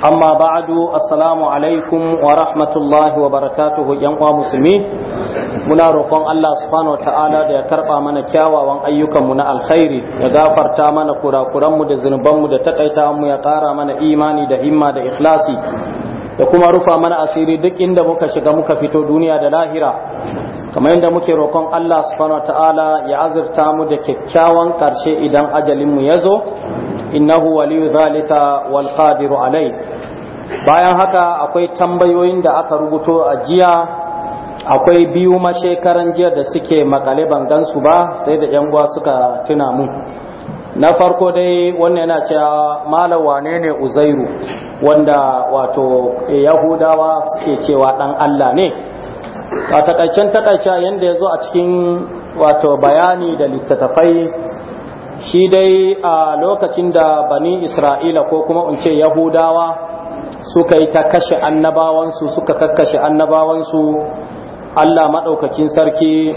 amma ba'adu asalamu alaikum wa rahmatullahi wa barakatuhu yan uwa musulmi muna roƙon Allah subhanahu ta'ala da ya karɓa mana kyawawan ayyukanmu na alkhairi ya gafarta mana kurakuranmu da zunubanmu da takaita mu ya ƙara mana imani da himma da ikhlasi da kuma rufa mana asiri duk inda muka shiga muka fito duniya da lahira kamar yadda muke roƙon Allah subhanahu ta'ala ya azurta mu da kyakkyawan ƙarshe idan ajalinmu ya zo innahu waliyu zalika wal qadiru alai bayan haka akwai tambayoyin da aka rubuto a jiya akwai biyu ma shekaran jiya da suke makale ban su ba sai da yan uwa suka tuna mu na farko dai wannan yana cewa malam wane ne uzairu wanda wato yahudawa suke cewa dan Allah ne a takaicen takaica yadda ya zo a cikin wato bayani da littattafai shi dai a lokacin da bani isra'ila ko kuma in ce yahudawa suka yi ta kashe annabawansu suka kakkashe annabawansu allah maɗaukakin sarki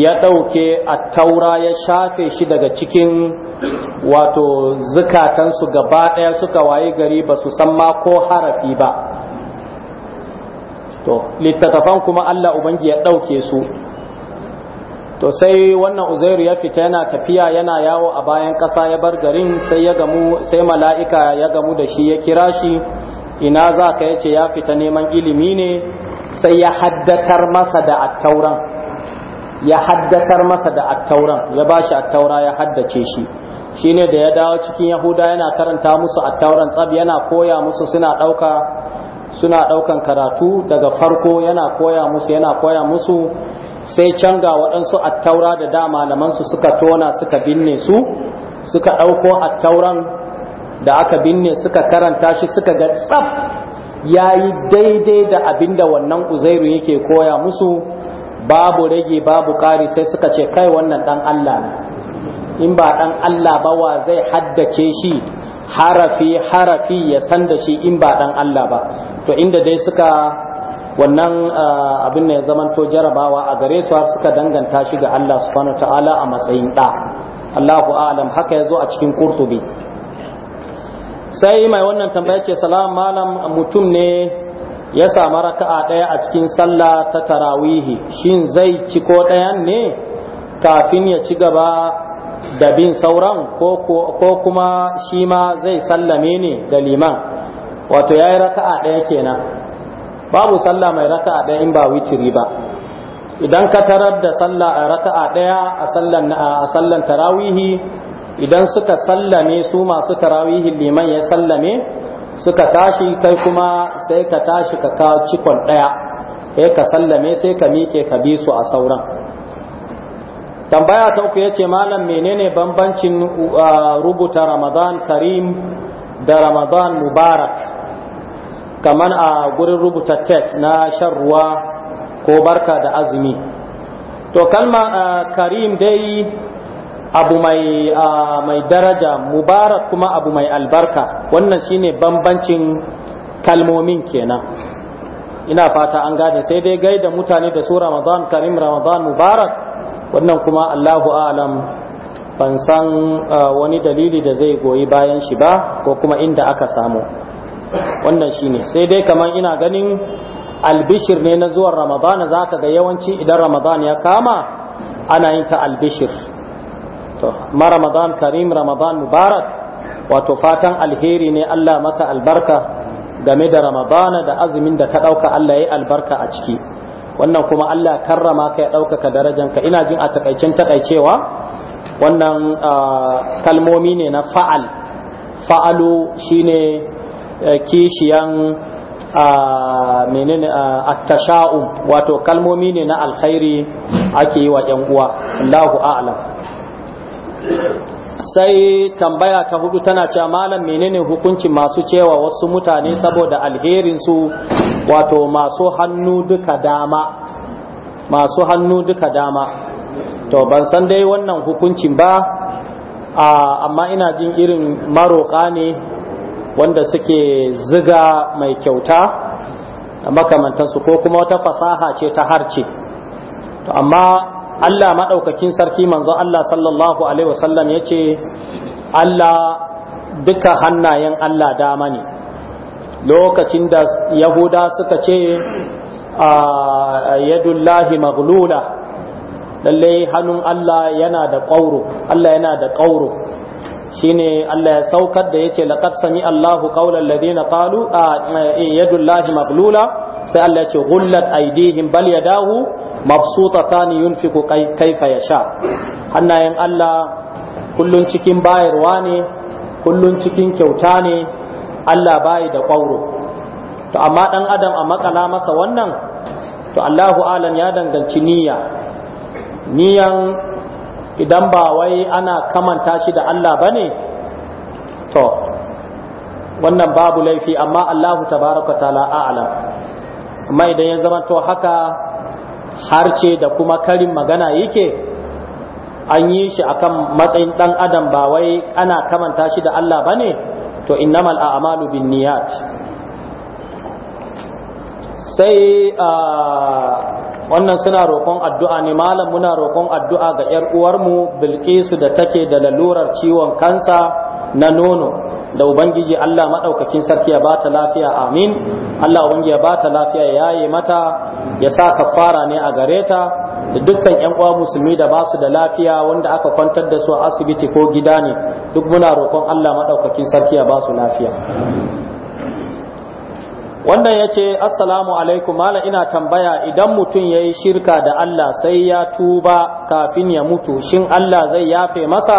ya ɗauke a taura ya shafe shi daga cikin wato zukatansu gaba ɗaya suka waye gari ba su san ma ko harafi ba to littattafan kuma allah ubangi ya ɗauke su to sai wannan uzairu ya fita yana tafiya yana yawo a bayan ƙasa ya bar garin sai ya gamu sai mala'ika ya gamu da shi ya kira shi ina za ka yace ya fita neman ilimi ne sai ya haddatar masa da attauran ya haddatar masa da attauran ya ba shi attaura ya haddace shi Shi ne da ya dawo cikin yahuda yana karanta musu attauran tsab yana koya musu suna ɗauka suna ɗaukan karatu daga farko yana koya musu yana koya musu sai can ga waɗansu attaura da da malamansu suka tona suka binne su suka ɗauko attauran da aka binne suka karanta shi suka ga tsaf ya yi daidai da abin da wannan uzairu yake koya musu babu rage babu ƙari sai suka ce kai wannan ɗan Allah in ba ɗan Allah ba wa zai haddace shi harafi harafi ya san da shi in ba ɗan Allah ba to inda dai suka wannan ah, abin ne zamanto jarabawa a gare su har suka danganta shi ga Allah subhanahu ta'ala a matsayin ɗa. Allahu alam haka ya zo a cikin kurtubi sai mai wannan tambaya ce salam malam mutum ne ya samu raka'a ɗaya a cikin sallah ta tarawihi shin zai ci ko dayan ne kafin ya ci gaba da bin sauran ko kuma shi ma zai sallame ne da liman wato yayi raka'a ɗaya kenan babu sallah mai raka'a ɗaya in ba witiri ba idan ka tarar da sallah a raka'a ɗaya a sallan a sallan tarawihi idan suka sallame su masu tarawihi liman ya sallame suka tashi kai kuma sai ka tashi ka kawo cikon ɗaya e ka sallame sai ka miƙe ka bi su a sauran tambaya ta uku ya ce malam menene bambancin uh, rubuta ramadan karim da ramadan mubarak kamar a gurin rubuta tet na shan ruwa ko barka da azumi to kalma karim dai abu mai mai daraja mubarak kuma abu mai albarka wannan shine bambancin kalmomin kenan ina fata an gane sai dai gaida mutane da su ramadan karim ramadan mubarak wannan kuma allahu alam ban san wani dalili da zai goyi bayan shi ba ko kuma inda aka samu wannan shine sai dai kamar ina ganin albishir ne na zuwan ramadana za ka ga yawanci idan ramadan ya kama ana yin ta albishir to ma ramadan karim ramadan mubarak wato fatan alheri ne allah maka albarka game da ramadana da azumin da ka ɗauka allah ya yi albarka a ciki wannan kuma allah karrama ka ya ɗaukaka darajanka ina jin a takaicen takaicewa wannan ah, kalmomi ne na fa'al fa'alu shine Eh, kishiyan a menene wato kalmomi ne na alkhairi ake yi wa yan uwa Allahu a'lam sai tambaya ta hudu tana cewa malam menene hukunci masu cewa wasu mutane saboda alherinsu wato masu hannu duka dama masu hannu duka dama to ban san dai wannan hukuncin ba amma ina jin irin maroƙa ne wanda suke ziga mai kyauta makamantansu ko kuma wata fasaha ce ta harce to amma Allah maɗaukakin sarki manzo Allah sallallahu alaihi wasallam ya ce Allah duka hannayen Allah dama ne lokacin da yahuda suka ce a yadullahi maglula lallai hannun Allah yana da ƙauro Allah yana da ƙauro shine Allah ya saukar da yace laqad sami Allahu qawla ladina qalu e, yadullahi maghlula sai Allah yace ghullat aydihim bal yadahu mabsutatan yunfiqu kayfa yasha hannayen Allah kullun cikin bayarwa ne kullun cikin kyauta ne Allah bai da kwauro to amma dan adam a makala masa wannan to Allahu alam ya danganci niyya niyan idan ba wai ana kamanta shi da Allah ba ne to wannan babu laifi amma Allahu tabaraka ta'ala a'lam amma idan ya zama to haka harce da kuma karin magana yake an yi shi akan matsayin dan adam ba wai ana kamanta shi da Allah ba ne to innamal a'malu bin niyat sai ah, wannan suna roƙon addu'a ne malam muna roƙon addu'a ga ‘yar uwarmu bilkisu da take da lalurar ciwon kansa na nono da ubangiji Allah maɗaukakin sarki ya bata lafiya amin Allah ubangiji ya bata lafiya ya yi mata ya sa kafara ne a gare ta da dukkan ‘yan uwa musulmi da ba su da lafiya wanda aka kwantar da su a asibiti ko gida ne duk muna roƙon Allah maɗaukakin sarki ya ba su lafiya wannan ya ce assalamu alaikum mala ina tambaya idan mutum ya yi shirka da Allah sai ya tuba kafin ya mutu shin Allah zai yafe masa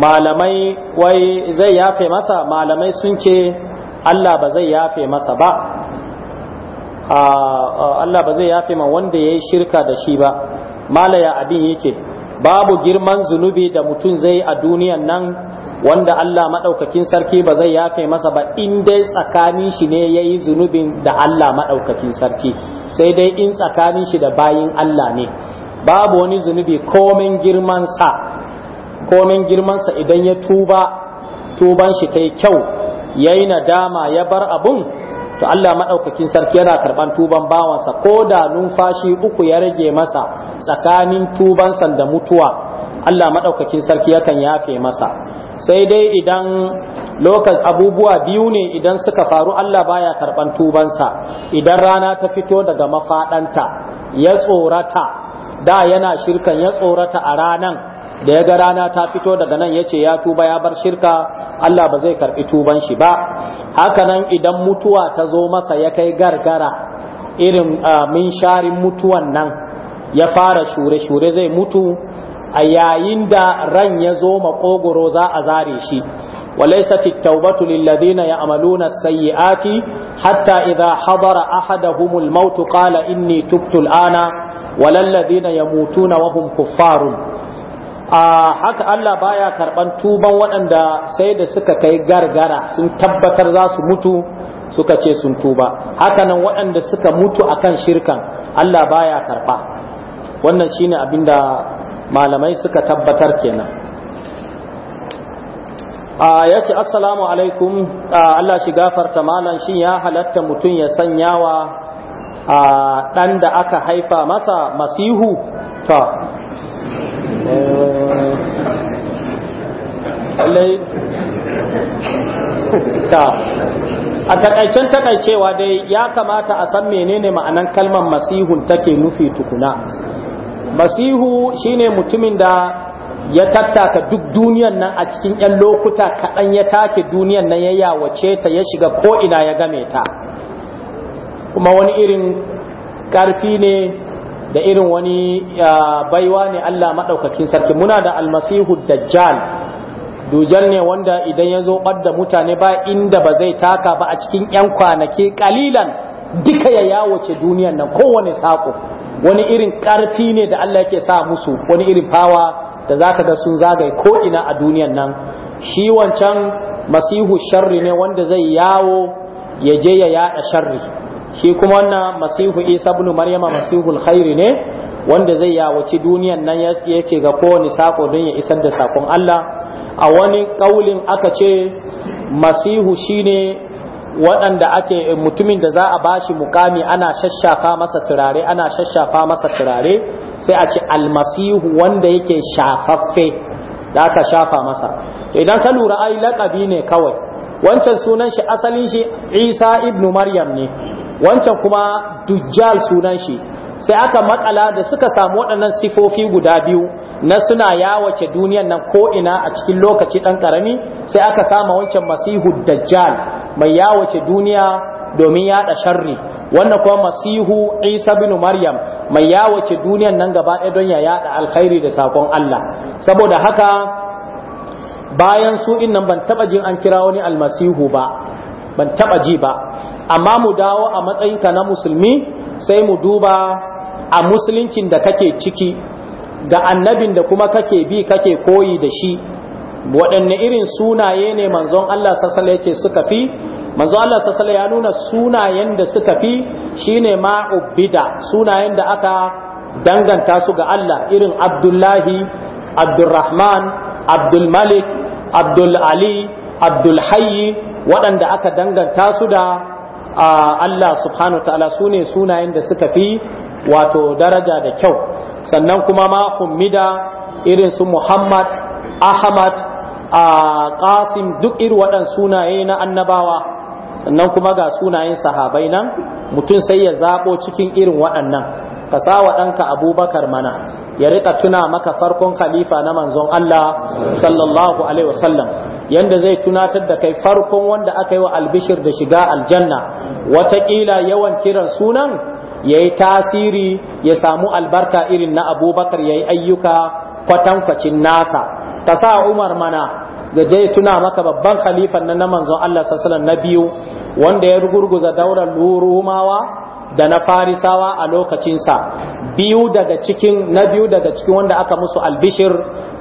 malamai wai zai yafe masa malamai sun ce Allah ba zai yafe masa ba Allah ba zai yafe ma wanda ya yi shirka da shi ba mala ya abin yake babu girman zunubi da mutum zai a duniyan nan wanda Allah maɗaukakin sarki ba zai yafe masa ba in dai tsakanin shi ne ya yi zunubin da Allah maɗaukakin sarki sai dai in tsakanin shi da bayin Allah ne babu wani zunubi komen girmansa komen girmansa idan ya tuba tuban shi kai kyau ya yi nadama ya bar abun to Allah maɗaukakin sarki yana karɓan tuban bawansa ko da numfashi uku ya rage masa tsakanin tubansa da mutuwa Allah maɗaukakin sarki yakan yafe masa sai dai idan lokacin abubuwa biyu ne idan suka faru Allah baya karban tubansa idan rana ta fito daga mafaɗanta ya tsorata da yana shirkan ya tsorata a ranan da ya ga rana ta fito daga nan ya ce ya tuba ya bar shirka Allah ba zai karɓi tuban shi ba hakanan idan mutuwa ta zo masa ya kai gargara irin ah, sharin mutuwan nan ya fara shure-shure zai mutu a yayin da ran ya zo maƙogwaro za a zare shi وليست التوبة للذين يعملون السيئات حتى إذا حضر أحدهم الموت قال إني تبت الآن ولا الذين يموتون وهم كفار a haka Allah baya karban tuban waɗanda sai da suka kai gargara sun tabbatar za su mutu suka ce sun tuba hakanan waɗanda suka mutu akan shirkan Allah baya karɓa. wannan shine abinda malamai suka tabbatar kenan a ya ce assalamu alaikum Allah shi gafarta malam shi ya halatta mutum ya sanya wa ɗan da aka haifa masa masihu ta a takaicen takaicewa dai ya kamata a san menene ma'anan kalmar masihun take nufi tukuna masihu shine mutumin da ya tattaka duk duniyan nan a cikin 'yan lokuta kaɗan ya take duniyan nan ya yawace ta ya shiga ko'ina ya game ta kuma wani irin ƙarfi ne da irin wani baiwa ne Allah maɗaukakin sarki muna da almasihu dajjal dujal ne wanda idan ya zo ɓadda mutane ba inda ba zai taka ba a cikin 'yan kwanaki ƙalilan duka ya yawace duniyan nan kowane saƙo wani irin ƙarfi ne da Allah yake sa musu wani irin fawa da zaka ga sun zagaye ko ina a duniyan nan shi wancan masihu sharri ne wanda zai yawo ya je ya yaɗa sharri shi kuma wannan masihu isa ibn maryama masihul khairi ne wanda zai yawaci duniyan nan yake ga kowane sako don ya isar da sakon Allah a wani kaulin aka ce masihu shine waɗanda ake eh, mutumin da za a bashi mukami ana shashafa masa turare ana shashafa masa turare sai a ce almasihu wanda yake shafaffe da aka shafa masa idan ka lura ai laƙabi ne kawai wancan sunan shi asalin shi isa ibnu maryam ne wancan kuma dujjal sunan shi sai aka matsala da suka samu waɗannan sifofi guda biyu na suna yawace duniyan nan ko'ina a cikin lokaci ɗan ƙarami sai aka sama wancan masihu dajjal mai yawace duniya domin yaɗa sharri wannan kuma masihu isa bin maryam mai yawace duniyan nan gaba ɗaya don ya yaɗa alkhairi da sakon allah saboda haka bayan su nan ban taɓa jin an kira wani almasihu ba ban taɓa ji ba amma mu dawo a matsayinka na musulmi sai mu duba a musuluncin da kake ciki ga annabin da kuma kake bi kake koyi da shi waɗanne irin sunaye ne manzon Allah sassala ya ce suka fi manzon Allah sassala ya nuna sunayen da suka fi shine ma'ubida sunayen da aka danganta su ga Allah irin abdullahi abdulrahman abdulmalik abdulali abdulhayi waɗanda aka danganta su da Allah subhanahu wa ta'ala su sunayen da suka fi wato daraja da kyau sannan kuma ma hummida irin su Muhammad Ahmad a Qasim duk irin waɗan sunaye na annabawa sannan kuma ga sunayen sahabai nan mutum sai ya zaɓo cikin irin waɗannan ka sa wa ɗanka abubakar mana ya riƙa tuna maka farkon khalifa na manzon Allah sallallahu alaihi wasallam yanda zai tunatar da kai farkon wanda aka yi wa albishir da shiga aljanna wataƙila yawan kiran sunan ya yi tasiri ya samu albarka irin na abubakar ya yi ayyuka kwatankwacin nasa ta sa umar mana da tuna maka babban khalifan na manzon Allah sallallahu na biyu wanda ya rugurguza daular rumawa da na farisawa a lokacinsa biyu daga cikin na biyu daga cikin wanda aka musu albishir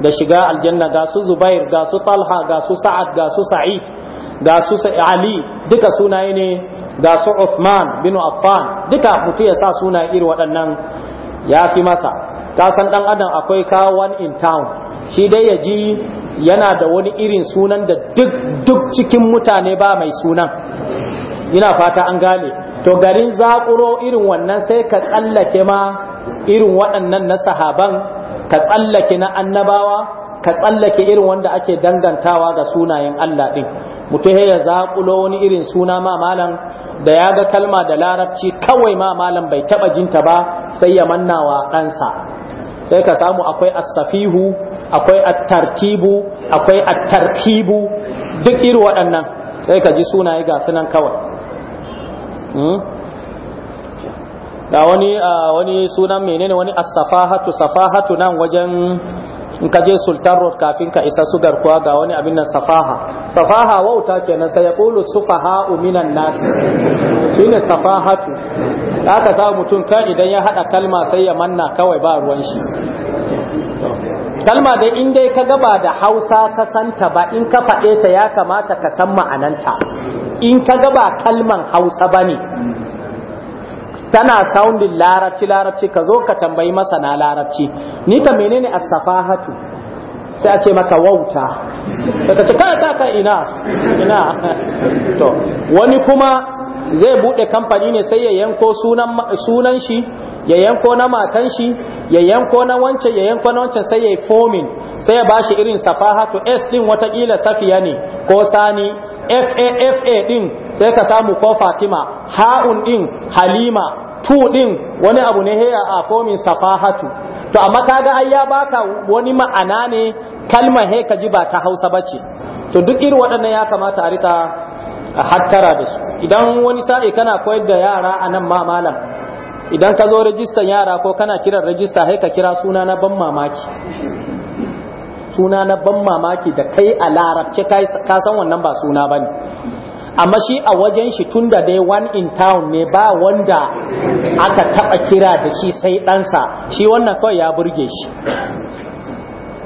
da shiga aljanna ga su zubair ga su talha ga su sa'ad ga su sa'id ga su ali duka sunaye ne ga su Uthman bin Affan duka mutu ya sa suna iri waɗannan ya fi masa ta san ɗan adam akwai ka one in town shi dai ya ji yana da wani irin sunan da duk duk cikin mutane ba mai sunan ina fata an gane to garin zakuro irin wannan sai ka tsallake ma irin waɗannan na sahaban ka tsallake na annabawa ka tsallake irin wanda ake dangantawa ga sunayen Allah ɗin mutum ya zaƙulo wani irin suna ma malam da ya ga kalma da larabci kawai ma malam bai taɓa jinta ba sai ya manna wa ɗansa sai ka samu akwai asafihu akwai tarkibu akwai attarkibu duk irin waɗannan sai ka ji sunaye ga sunan kawai da hmm? wani wani sunan menene wani as-safahatu safahatu nan wajen in ka je sultan road kafin ka isa su garkuwa ga wani abin nan safaha safaha wauta kenan sai ya kulu sufaha minan nas ne safahatu aka samu mutum kan idan ya hada kalma sai ya manna kawai ba ruwan shi kalma da in dai ka gaba da hausa ka santa ba in ka faɗe ta ya kamata ka san ma'ananta in ka gaba kalman hausa ba ne tana soundin larabci larabci ka zo ka tambayi masana larabci ni ka menene as-safahatu sai a ce maka wauta ka ce kai ka ina ina wani kuma zai bude kamfani ne sai ya yanko sunan shi ya yanko na matan shi ya yanko na wancan ya yanko na wancan sai ya yi fomin sai ya bashi irin safahatu s din watakila safiya ne ko sani fafa din sai ka samu ko fatima ha'un din halima tu din wani abu ne heya a fomin safahatu to amma kaga ai ya baka wani ma'ana ne kalma he ka ji ba ta hausa bace to duk irin waɗannan ya kamata a rika hattara da su idan wani sa'i kana koyar da yara a nan ma malam idan ka zo rajistan yara ko kana kiran rajista sai ka kira suna na ban mamaki suna na ban mamaki da kai a larabce ka san wannan ba suna bane amma shi a wajen shi tunda dai one in town ne ba wanda aka taba kira da shi sai ɗansa shi wannan kawai ya burge shi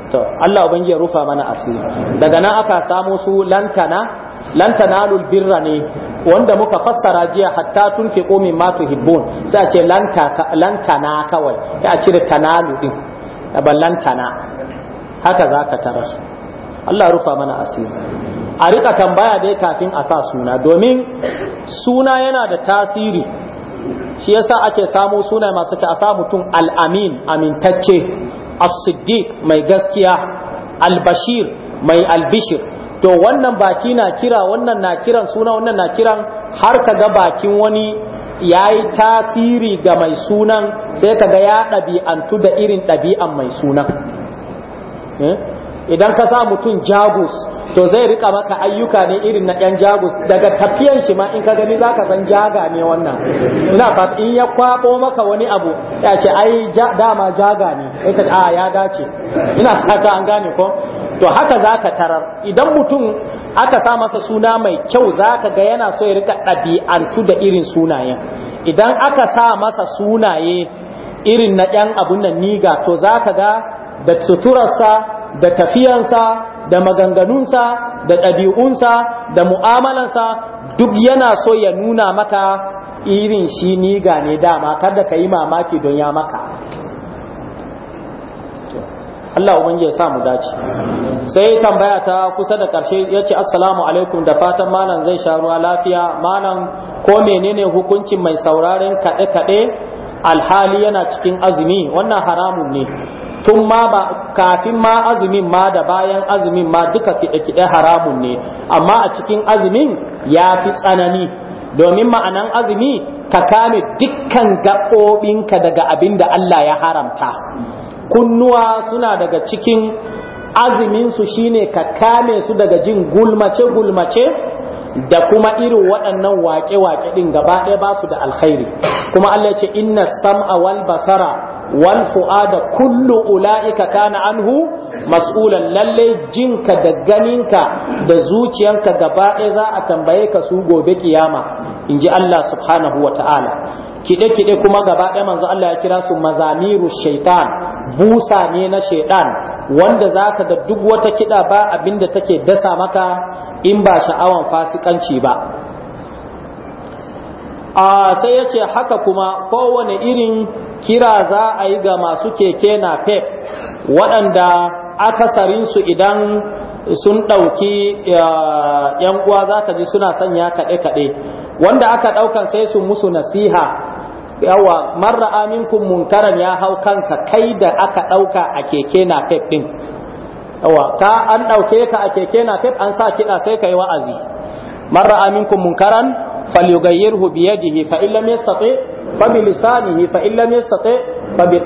to Allah ubangi ya rufa mana asiri daga nan aka samu su lantana lantana lantanalul birra ne wanda muka fassara jiya hatta tun fi komin matu hibbun sai a ce lantana kawai ya cire tanalu din ban lantana haka za ka tarar Allah rufa mana asiri a rika tambaya dai kafin a sa suna domin suna yana da tasiri shi yasa ake samu suna masu ta a sa mutum al'amin amintacce as-siddiq mai gaskiya al-bashir mai albishir to wannan baki na kira wannan na kiran suna wannan na kiran har ka ga bakin wani ya yi tasiri ga mai sunan sai ka ga ya ɗabi'antu da irin ɗabi'an mai sunan eh? idan ka sa mutum jagus to zai rika maka ayyuka ne irin na yan jagus daga tafiyan shi ma in ka gani zaka san jaga ne wannan ina fa in ya kwabo maka wani abu ya ce ai dama jaga ne sai a ah, ya dace ina fata an gane ko to haka zaka tarar idan mutum aka sa masa suna mai kyau zaka ga yana so ya rika ɗabi'antu da irin sunayen idan aka sa masa sunaye irin na ɗan abun nan niga to zaka ga da tuturarsa da tafiyansa da maganganunsa da ɗabi'unsa da mu'amalansa duk yana so ya nuna maka irin shi ni gane dama kada ka yi mamaki don ya maka Allah ubangi ya samu dace sai tambaya ta kusa da ƙarshe ya yace assalamu alaikum da fatan malam zai sha ruwa lafiya malam ko menene hukuncin mai sauraren kaɗe-kaɗe alhali yana cikin azumi wannan haramun ne tun ma ba kafin ma azumin ma da bayan azumin ma duka kiɗe-kiɗe haramun ne amma a cikin azumin ya fi tsanani domin ma'anan azumi ka kame dukkan gaɓoɓinka daga abin da Allah ya haramta kunnuwa suna daga cikin azuminsu shine ka kame su daga jin gulmace-gulmace da kuma irin waɗannan waƙe-waƙe ɗin gaba ɗaya ba su da alkhairi kuma Allah ce inna sam'a wal basara wal fu'ada kullu ula'ika kana anhu mas'ulan lalle jinka da ganinka da zuciyanka gaba ɗaya za a tambaye ka su gobe kiyama in ji Allah subhanahu wa ta'ala kiɗe-kiɗe kuma gaba ɗaya manzo Allah ya kira su mazamiru shaitan busa ne na shaitan wanda za ka ga duk wata kiɗa ba abinda take dasa maka in ba sha'awan fasikanci ba a sai ya ce haka kuma kowane irin kira za a yi ga masu keke na pep waɗanda akasarinsu idan sun ɗauki yan uwa za ka ji suna sanya kaɗe-kaɗe wanda aka ɗaukan sai su musu nasiha yawa marra aminkum munkaran ya hau kanka kai da aka ɗauka a keke na pep ɗin yawa ka an ɗauke ka a keke na pep an sa kiɗa sai ka yi wa'azi marra aminkum munkaran falyughayyirhu biyadihi fa in lam yastati fa bi lisanihi fa illam fa bi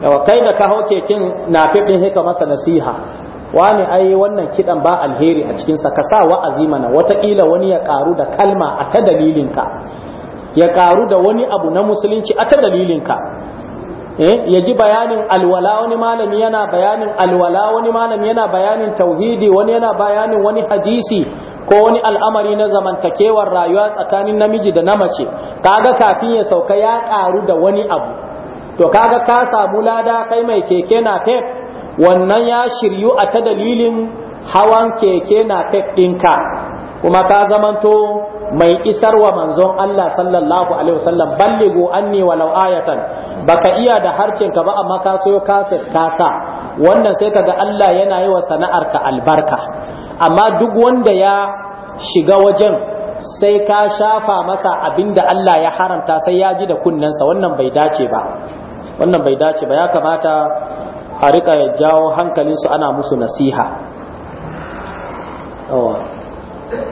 yawa kai da ka hau keken na fifin hika masa nasiha wani ai wannan kiɗan ba alheri a cikinsa ka sa wa'azi mana wataƙila wani ya ƙaru da kalma a ta dalilinka ya ƙaru da wani abu na musulunci a ta dalilinka eh ya ji bayanin alwala wani malami yana bayanin alwala wani malami yana bayanin tauhidi wani yana bayanin wani hadisi ko wani al'amari na zamantakewar rayuwa tsakanin namiji da na mace kaga kafin ya sauka ya karu da wani abu to kaga ka samu lada kai mai keke na pep wannan ya shiryu a ta dalilin hawan keke na pep ɗinka kuma ka zamanto mai isar wa manzon Allah sallallahu alaihi wasallam ballighu anni walau ayatan baka iya da harcin ka ba amma ka so kaset kasa wannan sai kaga Allah yana yi wa sana'ar ka albarka amma duk wanda ya shiga wajen sai ka shafa masa abinda Allah ya haramta sai ya ji da kunnensa wannan bai dace ba wannan bai dace ba ya kamata a rika jawo hankalinsu ana musu nasiha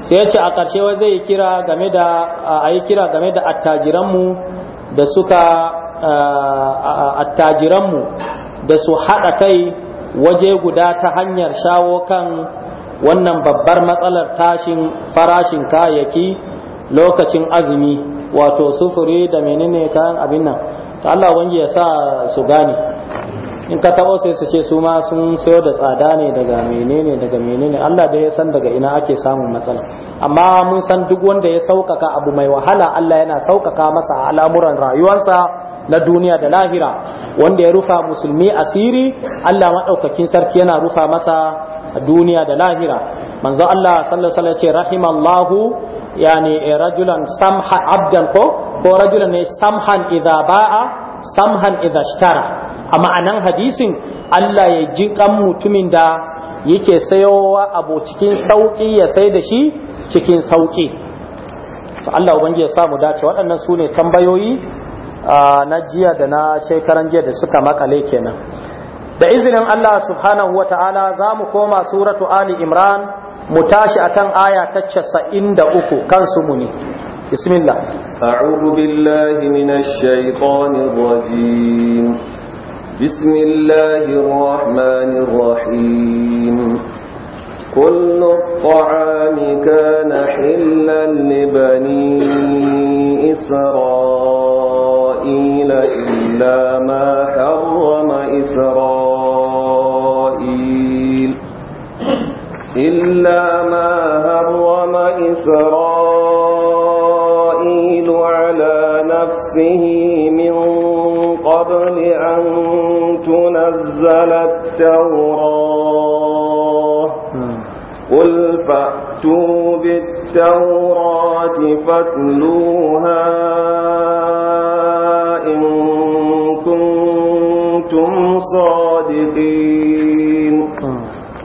sai ya ce a ƙarshe wa zai kira yi kira game da attajiranmu da suka attajiranmu da su haɗa kai waje guda ta hanyar shawo kan wannan babbar matsalar tashin farashin kayayyaki lokacin azumi wato sufuri da menene kayan abin nan ta Allah wangi ya sa su gane in ka taɓo sai su ce su ma sun sayo da tsada ne daga menene daga menene Allah da ya san daga ina ake samun matsala amma mun san duk wanda ya sauƙaƙa abu mai wahala Allah yana sauƙaƙa masa a al'amuran rayuwarsa na duniya da lahira wanda ya rufa musulmi asiri Allah maɗaukakin sarki yana rufa masa a duniya da lahira manzo Allah sallallahu alaihi wasallam ce rahimallahu yani eh, rajulan samha abdan ko ko rajulan ne samhan idza ba'a samhan idza ishtara a ma'anan hadisin Allah ya ji kan mutumin da yake sayowa abu cikin sauki ya sai da shi cikin sauki Allah ubangi ya samu dace waɗannan su ne tambayoyi na jiya da na shekaran jiya da suka makale kenan da izinin Allah subhanahu wa ta'ala za mu koma suratu Ali Imran mu tashi akan aya ta casa'in da uku kan mu ne bismillah a'udhu billahi minash shaitanir rajim بسم الله الرحمن الرحيم كل الطعام كان حلا لبني إسرائيل إلا ما حرم إسرائيل إلا ما حرم إسرائيل على نفسه من قبل أن نزل التوراة قل فأتوا بالتوراة فاتلوها إن كنتم صادقين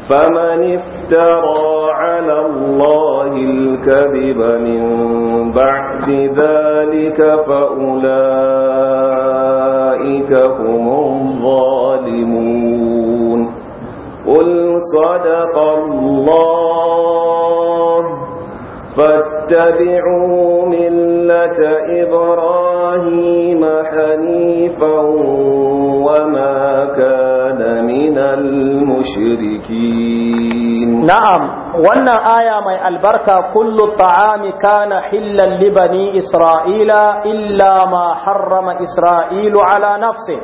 فمن افترى على الله الكذب من بعد ذلك فأولئك هم الظالمون قل صدق الله فاتبعوا ملة إبراهيم حنيفا وما كان من المشركين na'am wannan aya mai albarka kullu ta'ami kana hillan li bani isra'ila illa ma harrama isra'ilu ala nafsi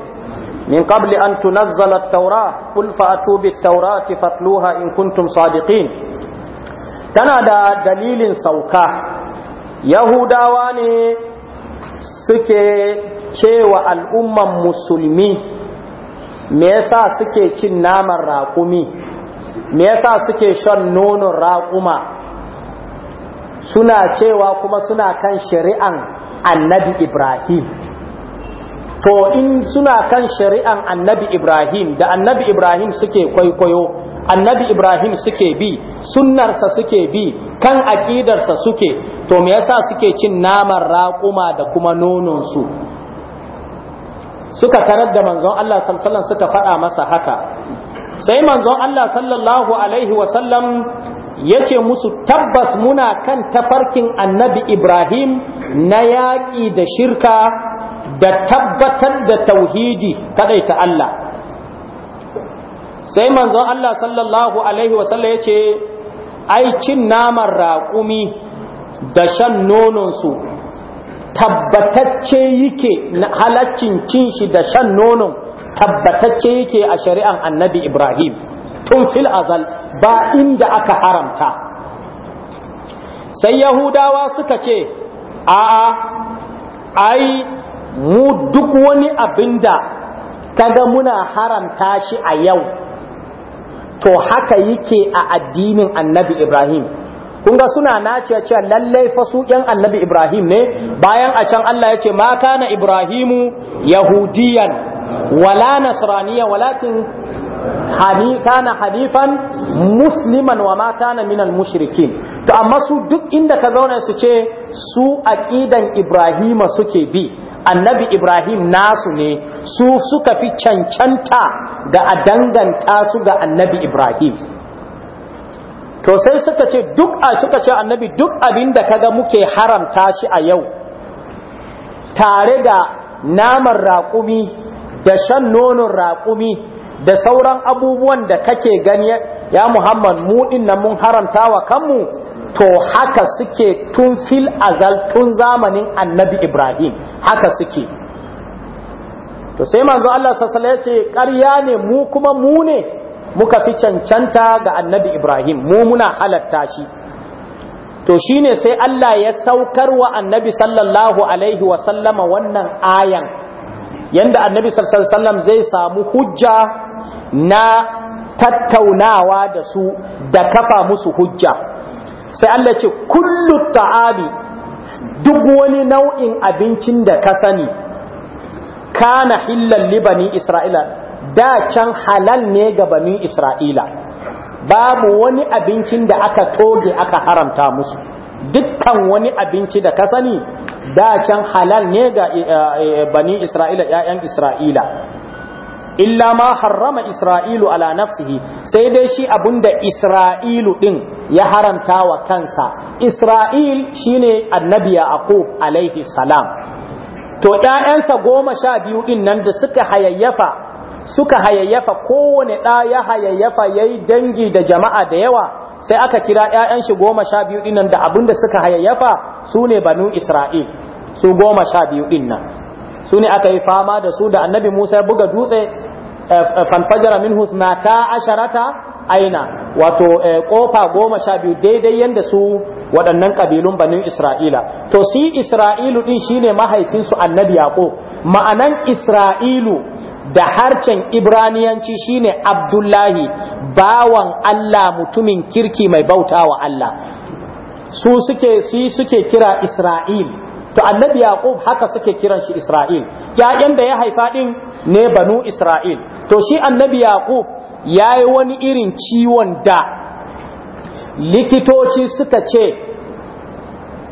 min qabli an tunazzala at-taura qul fa'tu bit-taurati fatluha in kuntum sadiqin tana da dalilin sauka yahudawa ne suke cewa al'umman musulmi me yasa suke cin naman raƙumi me yasa suke shan nonon raƙuma suna cewa kuma suna kan shari'an annabi ibrahim to in suna kan shari'an annabi ibrahim da annabi ibrahim suke kwaikwayo annabi ibrahim suke bi sunnarsa suke bi kan aƙidarsa suke to me yasa suke cin naman raƙuma da kuma nononsu suka tarar da manzon allah sallallahu suka faɗa masa haka sai manzon Allah sallallahu alaihi wasallam yake musu tabbas muna kan tafarkin annabi Ibrahim na yaƙi da shirka da tabbatar da tauhidi ta Allah sai manzon Allah sallallahu alaihi wasallam yace aikin naman raƙumi da shan nononsu tabbatacce yake na halaccin cin shi da shan nonon tabbatacce yake a shari'an annabi ibrahim tun fil azal ba inda aka haramta sai yahudawa suka ce a'a ai mu duk wani abin abinda kaga muna haramta shi a yau to haka yake a addinin annabi ibrahim kun ga suna naciya ce lallai fa su yan annabi ibrahim ne bayan a can allah ya ce ma kana ibrahimu yahudiyan wala nasraniya walakin kana hanifan musliman wa mata kana minal mushrikin to amma su duk inda ka zauna su ce su aqidan ibrahima suke bi annabi ibrahim nasu ne su suka fi cancanta ga a danganta su ga annabi ibrahim to sai suka ce duk suka ce annabi duk abinda da kaga muke haramta shi a yau tare da naman raƙumi da shan nonon raƙumi da sauran abubuwan da kake gani ya muhammad mu nan mun haramta wa kanmu to haka suke tun fil azal tun zamanin annabi ibrahim haka suke to sai manzo Allah sassale ce ƙarya ne mu kuma mu ne muka fi cancanta ga annabi ibrahim mu muna halatta shi to shine sai Allah ya saukar wa annabi sallallahu alaihi wasallama wannan ayan yanda annabi sallallahu zai samu hujja na tattaunawa da su da kafa musu hujja sai Allah ce kullu ta'ami duk wani nau'in abincin da ka sani kana hillan libani isra'ila da can halal ne ga banin isra'ila babu wani abincin da aka toge aka haramta musu dukkan wani abinci da ka sani da can halal ne ga eh, eh, bani isra'ila ‘ya'yan isra'ila illa ma harrama isra'ilu ala nafsihi sai dai shi abun da isra'ilu din ya haramta wa kansa isra'il shine annabi yaqub alaihi salam to ‘ya'yansa goma sha biyu ɗin nan da suka hayayyafa suka hayayyafa kowane ɗa ya hayayyafa ya dangi da jama'a da yawa sai aka kira 'ya'yan shi goma sha biyu dinnan da abin da suka hayayyafa su ne banu isra'il su goma sha biyu dinnan su ne aka yi fama da su da annabi musa ya buga dutse eh, eh, fanfajara min husna ta asharata aina wato kofa eh, goma sha biyu daidai yadda su waɗannan ƙabilun banin Isra'ila to si Isra'ilu ɗin shine mahaifinsu annabi Yaqub ma'anan Isra'ilu da harcen Ibraniyanci shine Abdullahi bawan Allah mutumin kirki mai bautawa Allah su suke si suke kira Isra'il to annabi yaqub haka suke kiran shi isra'il ƴaƴan da ya haifa din ne banu isra'il to shi annabi yaqub yayi wani irin ciwon da likitoci suka ce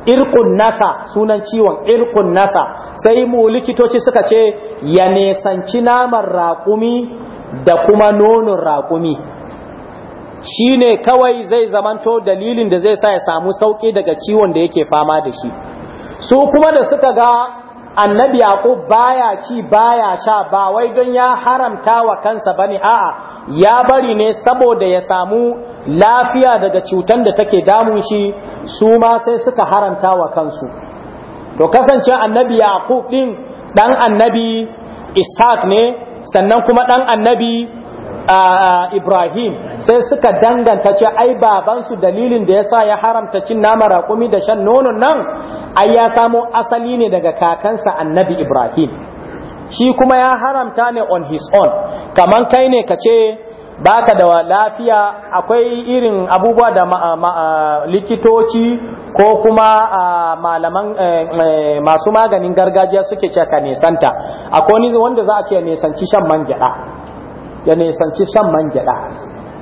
irkun nasa sunan ciwon irkun nasa sai mu likitoci suka ce ya nesanci naman raƙumi da kuma nonon raƙumi shi ne kawai zai zamanto dalilin da zai sa ya samu sauƙi daga ciwon da yake fama da shi su kuma da suka ga annabi yaqub baya ci baya sha ba wai don ya haramta wa kansa bane a'a ya bari ne saboda ya samu lafiya daga cutan da take damun shi su ma sai suka haramta wa kansu to kasance annabi yaqub din dan annabi ishaq ne sannan kuma dan annabi Ibrahim sai suka danganta ce ai babansu dalilin da ya sa ya haramta cin nama raƙumi da shan nonon nan ai ya samo asali ne daga kakansa annabi Ibrahim shi kuma ya haramta ne on his own kaman kai ne ka ce baka da lafiya akwai irin abubuwa da likitoci ko kuma malaman eh, eh, masu maganin gargajiya suke ce ka nesanta akwai wanda za a ce nesanci shan man ya nesanci shan man gyada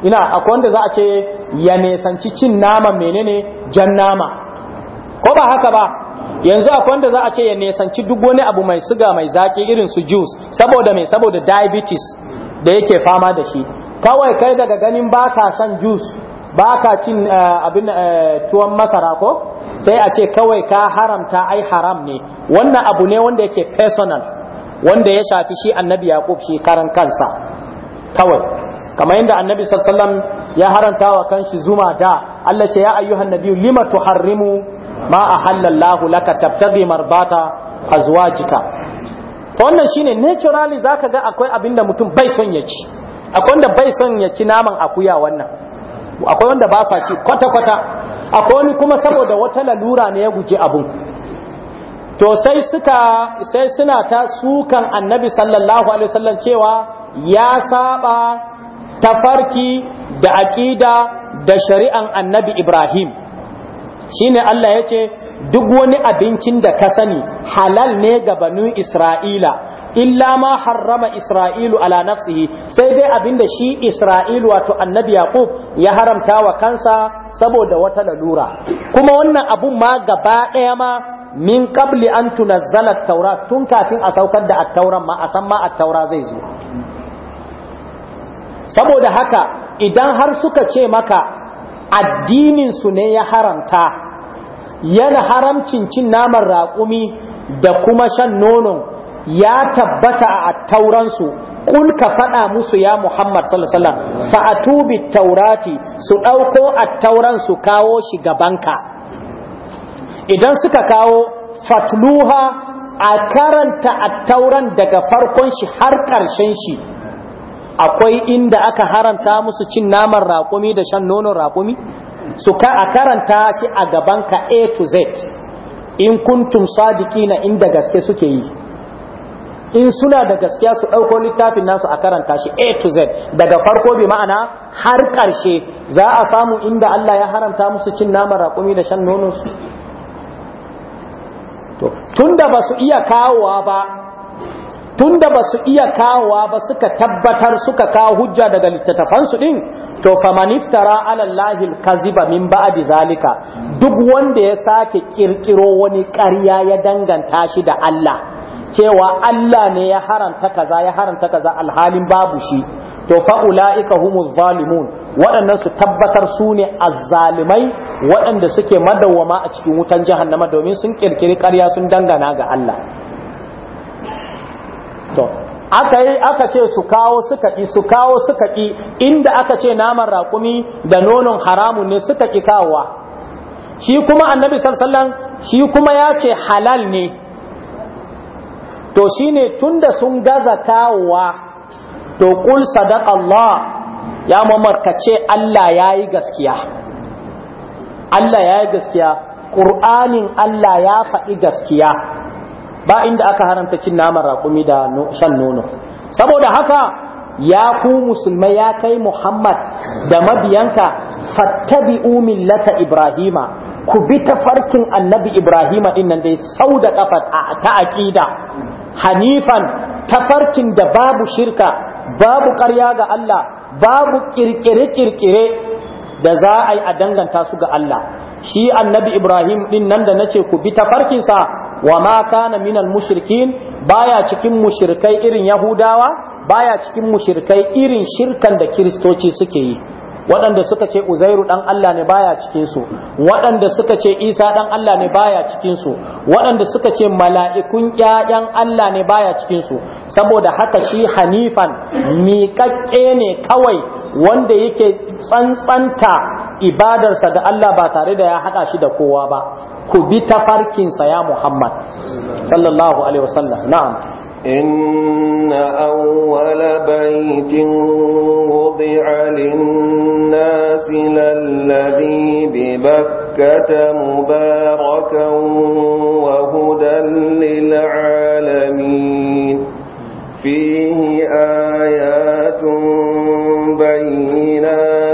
ina akwai wanda za a ce ya nesanci cin nama menene jan nama ko ba haka ba yanzu akwai wanda za a ce ya nesanci duk wani abu mai suga mai zaki irin su juice saboda mai saboda diabetes da yake fama da shi kawai kai daga ganin ba ka san juice ba ka cin eh, abin eh, tuwon masara ko sai a ce kawai ka haramta ai haram ne wannan abu ne wanda yake personal wanda ya shafi shi annabi yaqub shi karan kansa kawai kamar yadda annabi sallallahu ya haranta wa kanshi zuma da Allah ce ya ayyuhan nabi lima tuharrimu ma a ahallallahu laka tabtaghi marbata azwajika to wannan shine naturally zaka ga akwai abinda mutum bai son ya ci akwai wanda bai son ya ci naman akuya wannan akwai wanda ba sa ci kwata kwata akwai wani kuma saboda wata lalura ne ya guji abun to sai sai suna ta sukan annabi sallallahu alaihi wasallam cewa ya saba tafarki da aƙida da shari'an annabi Ibrahim shine Allah ya ce duk wani abincin da ka sani halal ne ga banu Isra'ila illa ma harrama Isra'ilu ala nafsihi sai dai abinda shi Isra'ilu wato annabi Yaqub ya haramta wa kansa saboda wata lalura kuma wannan abun ma gaba ɗaya ma min qabli an tunazzala at-taura tun kafin a saukar da at-tauran ma a san ma at-taura zai zo saboda haka idan har suka ce maka addinin su ne ya haramta yana haramcin cin naman raƙumi da kuma shan nonon ya tabbata a tauransu kun ka faɗa musu ya Muhammad sallallahu alaihi wasallam fa'atu taurati su ɗauko attauran su kawo shi gabanka idan suka kawo fatluha a karanta attauran daga farkon shi har ƙarshen shi akwai inda aka haranta musu cin naman raƙumi da shan nonon raƙumi su ka a karanta shi a gaban ka a to z in kuntum na inda gaske suke yi in suna da gaskiya su ɗauko littafin nasu a karanta shi a to z daga farko bi ma'ana har ƙarshe za a samu inda Allah ya haramta musu cin naman raƙumi da shan nonon su tun da ba su iya kawowa ba tunda ba su iya kawowa ba suka tabbatar suka kawo hujja daga littattafansu din to famaniftara alallahi kaziba min ba'di zalika duk wanda ya sake kirkiro wani ƙarya ya danganta shi da Allah cewa Allah ne ya haranta kaza ya haranta kaza alhalin babu shi to fa'ula'ika humuz zalimun waɗannan su tabbatar su ne azzalimai waɗanda suke madawwama a cikin wutan jahannama domin sun kirkiri ƙarya sun dangana ga Allah to aka yi aka ce su kawo suka ƙi su kawo suka ƙi inda aka ce naman raƙumi da nonon haramu ne suka ƙi kawowa shi kuma annabi sallallahu shi kuma ya ce halal ne to shine tunda sun gaza kawowa to kul sadaqa Allah ya Muhammad ka ce Allah yi gaskiya Allah ya yi gaskiya Qur'anin Allah ya faɗi gaskiya ba inda aka haramta cin naman raƙumi da shan nono saboda haka ya ku musulmai ya kai muhammad da mabiyanka fattabi'u millata ibrahima ku bi ta farkin annabi ibrahima din nan dai sau da kafa ta aƙida hanifan farkin da babu shirka babu ƙarya ga allah babu kirkire-kirkire da za a yi a danganta su ga allah shi annabi ibrahim din nan da nace ku bi ta farkinsa. wa ma kana minal mushrikin baya cikin mushrikai irin yahudawa baya cikin mushrikai irin shirkan da kiristoci suke yi waɗanda suka ce uzairu ɗan Allah ne baya cikin su waɗanda suka ce isa ɗan Allah ne baya cikin su waɗanda suka ce mala'ikun ƴaƴan Allah ne baya cikin su saboda haka shi hanifan miƙaƙƙe ne kawai wanda yake tsantsanta ibadarsa ga Allah ba tare da ya haɗa shi da kowa ba ku bi tafarkinsa ya Muhammad sallallahu alaihi wasallam na'am إن أول بيت وضع للناس للذي ببكة مباركا وهدى للعالمين فيه آيات بينات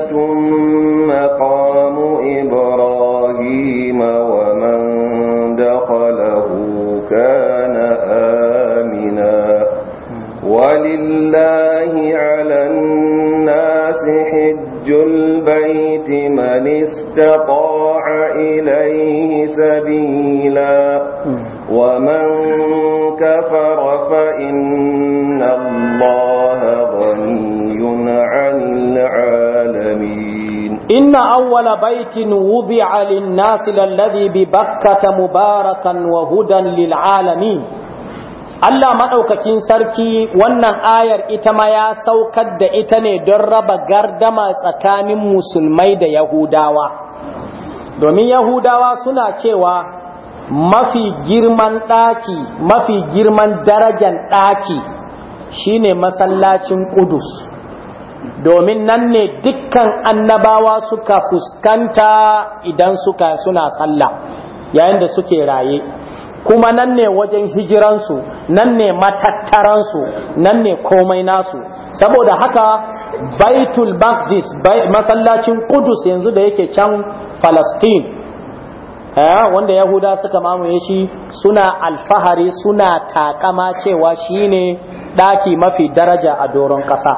استطاع إليه سبيلا ومن كفر فإن الله غني عن العالمين إن أول بيت وضع للناس ببكة مباركا وهدى للعالمين Allah maɗaukakin sarki wannan ayar ita ma ya saukar da ita ne don raba gardama tsakanin musulmai da Yahudawa. domin yahudawa suna cewa mafi girman ɗaki mafi girman darajan ɗaki shine masallacin ƙudus domin nan ne dukkan annabawa suka fuskanta idan suka suna sallah yayin da suke raye kuma nan ne wajen hijiransu nan ne matattaransu nan ne komai nasu saboda haka baitul baqdis masallacin kudus yanzu da yake can falastin eh, wanda yahuda suka mamaye shi suna alfahari suna takama cewa shine daki mafi daraja a doron kasa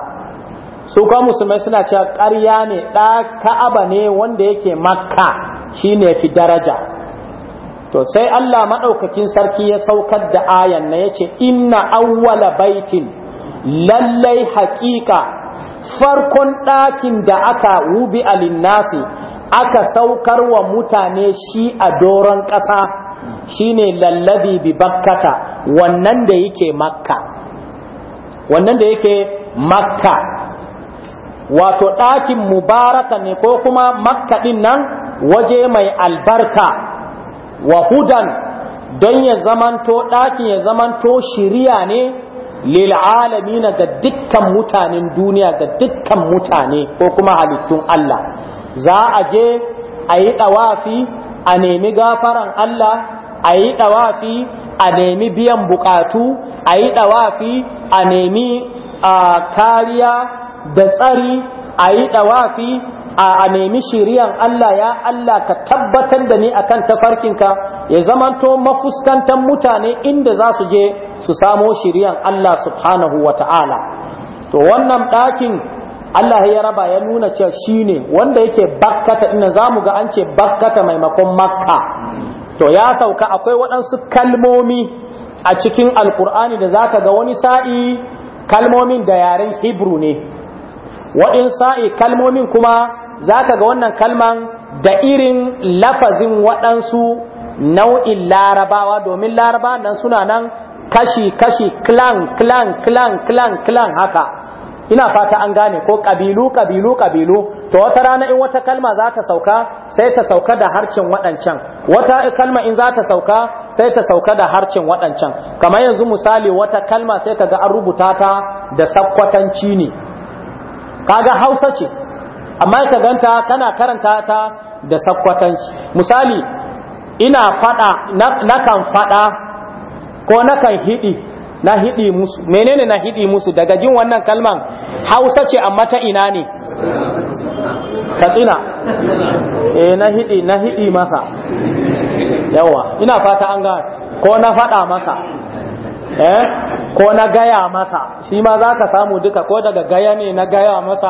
su kuma musulmai suna cewa ƙarya ne ɗa ka'aba ne wanda yake makka shine fi daraja to sai Allah maɗaukakin sarki ya saukar da ayan na yace inna awwala baitin lallai haƙiƙa farkon ɗakin da aka wubi alinnasi aka saukar wa mutane shi a doron ƙasa shine lallabi bi bakkata wannan da yake makka wannan da yake makka wato ɗakin mubaraka ne ko kuma makka ɗin nan waje mai albarka wa hudan don ya zamanto ɗakin ya zamanto shiriya ne na ga dukkan mutanen duniya ga dukkan mutane ko kuma halittun Allah za a je a yi ɗawafi a nemi gafaran Allah a yi ɗawafi a nemi biyan bukatu a yi ɗawafi a nemi a kariya da tsari a yi ɗawafi a nemi shiriyan Allah ya Allah ka tabbatar da ni akan tafarkinka ya zamanto mafuskantan mutane inda za su je su samo shiriyan Allah subhanahu wa ta'ala to wannan ɗakin Allah ya raba ya nuna cewa shine wanda yake bakkata ina za mu ga an ce bakkata maimakon makka to ya sauka akwai waɗansu kalmomi a cikin alkur'ani da za ka ga wani sa'i kalmomin da yaren hebrew ne Waɗansa sa'i kalmomin kuma za ka ga wannan kalman da irin lafazin waɗansu nau'in larabawa domin laraba nan suna nan kashi-kashi klan klan klan klan klan haka ina fata an gane ko kabilu kabilu kabilu to wata rana in wata kalma za ta sauka sai ta sauka da harcin waɗancan wata kalma in za ta sauka sai ta sauka da harcin waɗancan kamar yanzu misali wata kalma sai ka ga an rubuta ta da sakkwatanci ne kaga hausa ce amma ka ganta kana karanta ta da Sakwatanci, misali ina fada nakan fada ko nakan hidi na hidi musu menene na hidi musu daga jin wannan kalman hausa ce amma ta ina ne katsina eh na hidi na hidi masa yawa ina fata an ga ko na fada masa eh ko na gaya masa shi ma za ka samu duka ko daga gaya ne na gaya masa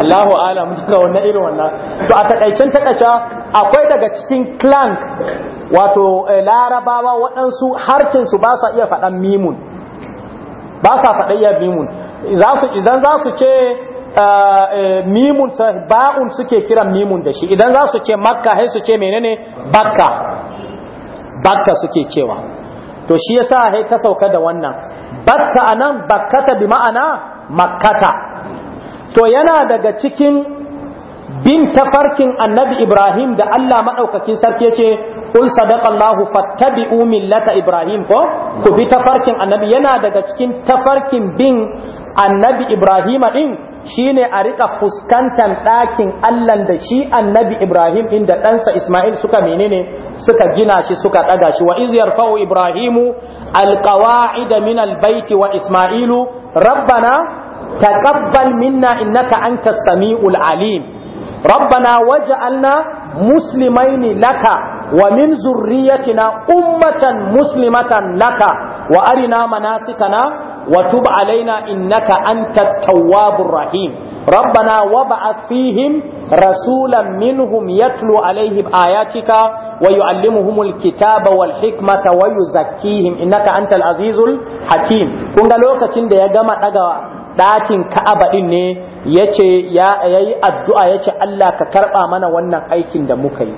Allahu alam duka wannan irin wannan to a takaicin takaica akwai daga cikin clan wato eh, larabawa waɗansu harcin su ba sa iya faɗan mimun ba sa faɗa iya mimun idan za su ce eh, eh, mimun ba'un suke kiran mimun da shi idan za su ce makka sai su ce menene bakka bakka suke cewa to shi yasa hai ta sauka da wannan bakka anan bakkata bi ma'ana makkata to yana daga cikin bin tafarkin annabi ibrahim da Allah maɗaukakin sarki ya ce qul sadaqallahu fattabi'u millata ibrahim ko ku bi tafarkin annabi yana daga cikin tafarkin bin annabi ibrahima ɗin shine a rika fuskantar ɗakin allahn da shi annabi Ibrahim inda ɗansa Ismail suka menene suka gina shi suka ɗaga shi wa iz yarfa'u Ibrahimu alqawa'ida min albayti wa Ismailu rabbana taqabbal minna innaka antas samiul alim rabbana waj'alna ni laka ومن ذريتنا أمة مسلمة لك وأرنا مناسكنا وتب علينا إنك أنت التواب الرحيم ربنا وبعث فيهم رسولا منهم يتلو عليهم آياتك ويعلمهم الكتاب والحكمة ويزكيهم إنك أنت العزيز الحكيم كنت ya gama ɗaga ɗakin ka'aba ɗin ne ya ce ya yi addu'a ya ce Allah ka karɓa mana wannan aikin da muka yi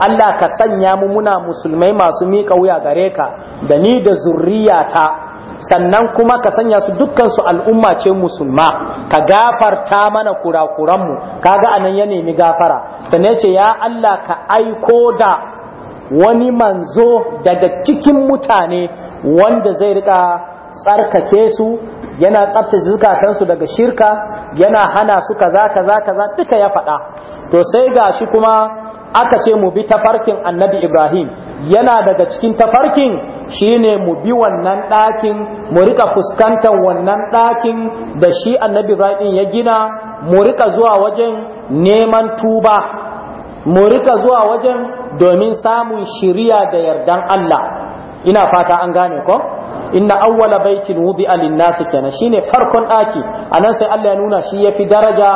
Allah ka sanya mu muna musulmai masu miƙa wuya gare ka da ni da zurriyata sannan kuma ka sanya su dukkan su al'umma ce musulma ka gafarta mana kurakuranmu kaga anan ya nemi gafara sannan ce ya Allah ka aiko da wani manzo daga cikin mutane wanda zai rika tsarkake su yana tsaftace zukatansu daga shirka yana hana su kaza kaza kaza duka ya faɗa to sai gashi kuma aka ce mu bi tafarkin annabi Ibrahim yana daga cikin tafarkin shine mu bi wannan ɗakin mu rika fuskantar wannan ɗakin da shi annabi ibrahim ya gina mu rika zuwa wajen neman tuba mu rika zuwa wajen domin samun shiriya da yardan Allah ina fata an gane ko inna awwala baitin wudi'a Alin nasi kenan shine farkon ɗaki anan sai Allah ya nuna shi yafi daraja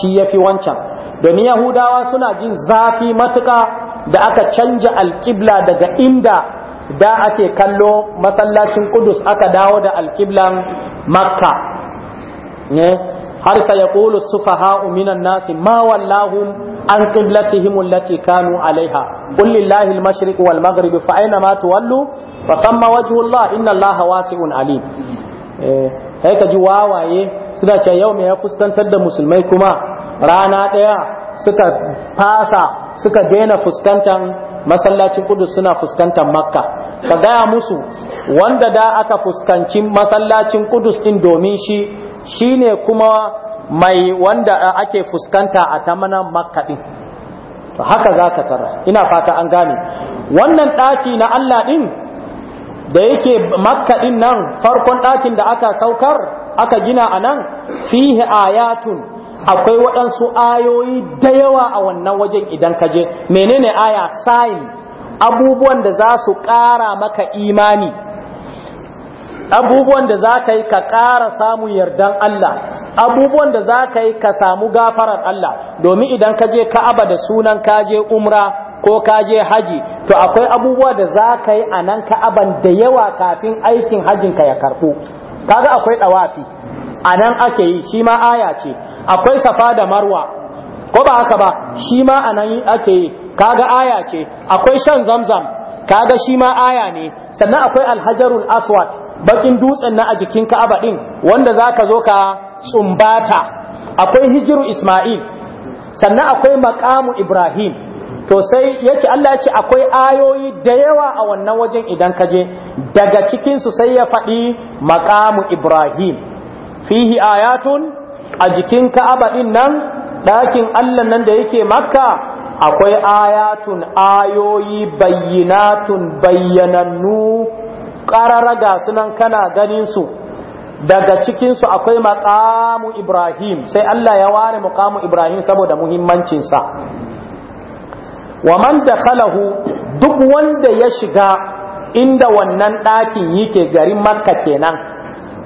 shi yafi wancan domin yahudawa suna jin zafi matuƙa da aka canja alƙibla daga inda da ake kallo masallacin kudus aka dawo da alkiblan makka ne har sa ya ƙulu sufaha'u minan nasi ma wallahum an qiblatihim allati kanu alaiha qul lahi al wal maghrib fa aina ma tuwallu fa thamma wajhu inna allaha wasi'un alim eh ka ji wawaye suna cewa yau me ya fuskantar da musulmai kuma rana ɗaya. suka fasa suka daina fuskantar masallacin kudu suna fuskantar makka ka gaya musu wanda da aka fuskanci masallacin kudus din domin shi ne kuma mai wanda ake fuskanta a tamanan makka din haka za ka tara ina fata an gane wannan ɗaki na Allah ɗin da yake makka ɗin nan farkon ɗakin da aka saukar aka gina a nan fihi ayatun akwai waɗansu ayoyi da yawa a wannan wajen idan ka je menene aya sign abubuwan da za su ƙara maka imani abubuwan da za ka yi ka ƙara samun yardan Allah abubuwan da za ka yi ka samu gafarar Allah domin idan ka je ka'aba da sunan ka je umra ko ka je haji to akwai abubuwa da za ka yi a nan ka'aban da yawa kafin aikin hajinka ya karɓo kaga akwai ɗawafi Anan nan ake yi shi ma aya ce akwai safa da marwa ko ba haka ba shi ma a ake yi kaga aya ce akwai shan zamzam kaga shi ma aya ne sannan akwai alhajarul aswad bakin dutsen na a jikin ka'aba din wanda zaka zo ka tsumbata akwai hijiru isma'il sannan akwai maqamu ibrahim to sai yake Allah ce akwai ayoyi da yawa a wannan wajen idan kaje je daga cikinsu sai ya faɗi maƙamu Ibrahim fihi ayatun a jikin ka'aba din nan ɗakin Allah nan da yake makka akwai ayatun ayoyi bayyinatun bayyanannu ƙararraga sunan kana ganin su daga cikinsu akwai maƙamu Ibrahim sai Allah ya ware maƙamu Ibrahim saboda muhimmancinsa wa man dakhalahu duk wanda ya shiga inda wannan ɗakin yake garin makka kenan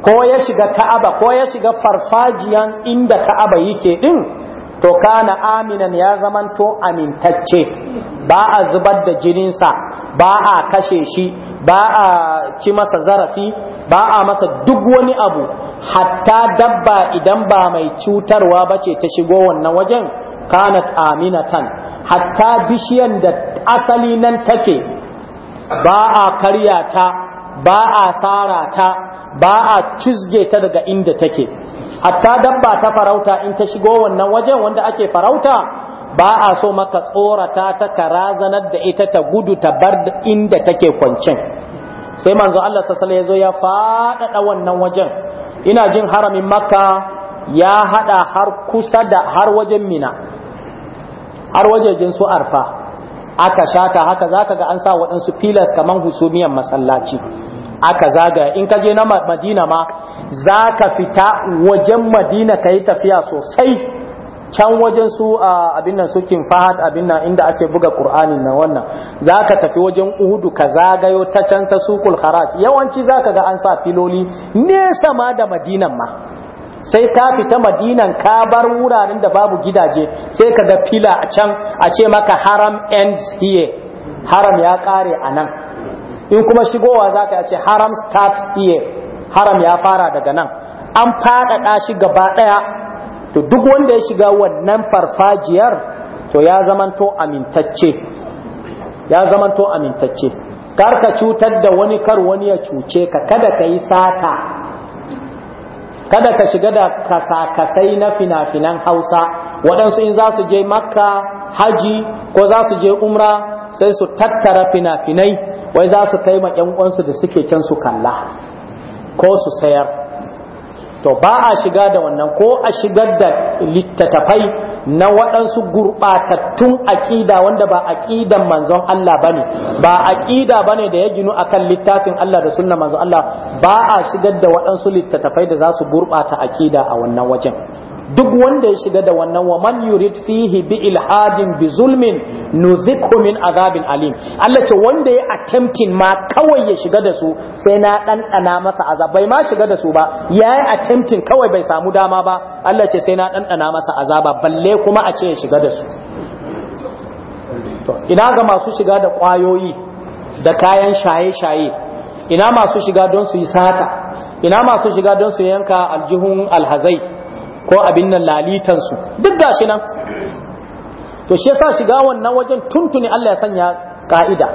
ko ya shiga ta'aba ko ya shiga farfajiyan inda ta'aba yake din to kana aminan ya zamanto amintacce ba a zubar da jininsa ba a kashe shi ba a ci masa zarafi ba a masa duk wani abu hatta dabba idan ba mai cutarwa ba ce ta shigo wannan wajen kanat aminatan hatta bishiyan da asali nan take ba a karya ta ba a sara ta ba a cizge ta daga inda take hatta dabba ta farauta in ta shigo wannan wajen wanda ake farauta ba a so maka tsorata ta karazanar da ita ta gudu ta bar inda take kwancin sai manzo Allah sallallahu ya zo ya faɗaɗa wannan wajen ina jin haramin makka ya haɗa har kusa da har wajen mina har wajejen su arfa aka shata haka zaka ga an sa waɗansu pillars kaman husumiyan masallaci aka zagaya in ka je na madina ma za ka fita wajen madina ka yi tafiya sosai can wajen su abin nan sukin fahad abin nan inda ake buga qur'anin na wannan za ka tafi wajen uhudu ka zagayo ta can ta sukul haraj yawanci za ka ga an sa filoli nesa ma da madinan ma sai ka fita madinan ka bar wuraren da babu gidaje sai ka ga fila a can a ce maka haram ends here haram ya kare a nan in kuma shigowa za ka ce haram start here haram ya fara daga nan an faɗaɗa shi gaba ɗaya to duk wanda ya shiga wannan farfajiyar to ya zamanto amintacce ya zamanto amintacce kar ka cutar da wani kar wani ya cuce ka kada ka yi sata kada ka shiga da kasakasai na fina-finan hausa waɗansu in za su je makka haji ko za su je umra sai su tattara fina-finai wai za su kai ma yan uwansu da suke can su kalla ko su sayar to ba a shiga da wannan ko a shigar da littattafai na waɗansu gurɓatattun aƙida wanda ba aƙidan manzon Allah bane ba aƙida bane da ya ginu akan littafin Allah da sunna manzon Allah ba a shigar da waɗansu littattafai da za su gurɓata aƙida a wannan wajen duk wanda ya shiga da wannan wa man yurid fihi bi ilhadin bi zulmin nuzikhu min azabin alim Allah ce wanda ya attempting ma kawai ya shiga da su sai na ɗanɗana masa azab bai ma shiga da su ba yayi attempting kawai bai samu dama ba Allah ce sai na ɗanɗana masa azaba balle kuma a ce ya shiga da su ina ga masu shiga da kwayoyi da kayan shaye-shaye ina masu shiga don su yi sata ina masu shiga don su yanka aljihun alhazai ko abin nan lalitansu duk shi nan to shi yasa shiga wannan wajen tuntuni Allah ya sanya ka'ida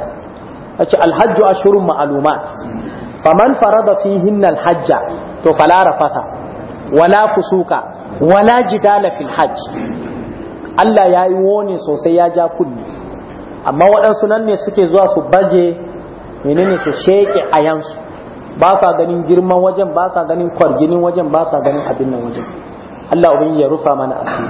yace alhajju ashurun ma'lumat faman farada fihinna alhajja to fala rafasa wala fusuka wala jidala fil hajj Allah ya yi woni sosai ya ja kunni amma waɗansu nan ne suke zuwa su baje menene su sheke ayansu ba sa ganin girman wajen ba sa ganin kwarginin wajen ba sa ganin abin nan wajen Allah ubangi ya rufa mana asiri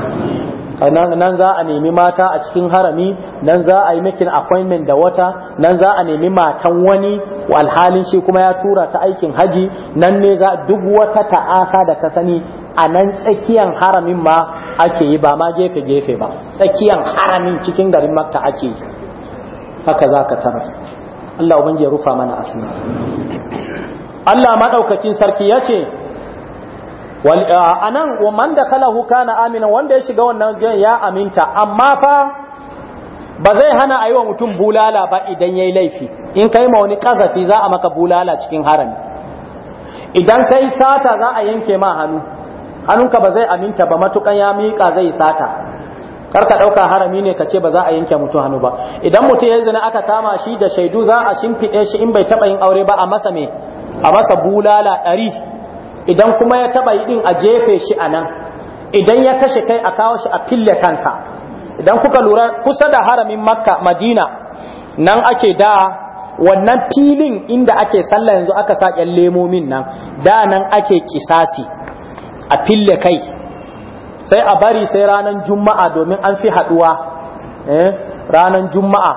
nan za a nemi mata a cikin harami nan za a yi makin appointment da wata nan za a nemi matan wani alhalin shi kuma ya tura ta aikin haji nan ne za duk wata ta'asa da ka sani a nan tsakiyar haramin ma ake yi ba ma gefe-gefe ba tsakiyar haramin cikin garin makka ake yi haka za ka tara Allah ubangi ya rufa mana asiri Allah maɗaukakin sarki ya ce a nan wa man da na kana amina wanda ya shiga wannan jiyan ya aminta amma fa ba zai hana a yi wa mutum bulala ba idan ya yi laifi in kai ma wani kazafi za a maka bulala cikin harami idan kai sata za a yanke ma hannu hannunka ba zai aminta ba matukan ya miƙa zai sata karka ɗauka harami ne ka ce ba za a yanke mutum hannu ba idan mutum ya zina aka kama shi da shaidu za a shimfiɗe shi in bai taɓa yin aure ba a masa me a masa bulala ɗari idan kuma ya taba yi din a jefe shi a nan idan ya kashe kai a kawo shi a fille kansa idan kuka lura kusa da haramin makka madina nan ake da wannan filin inda ake sallah yanzu aka sa ƴan lemomin nan da nan ake kisasi a fille kai sai a bari sai ranar juma'a domin an fi haduwa eh, ranan ranar juma'a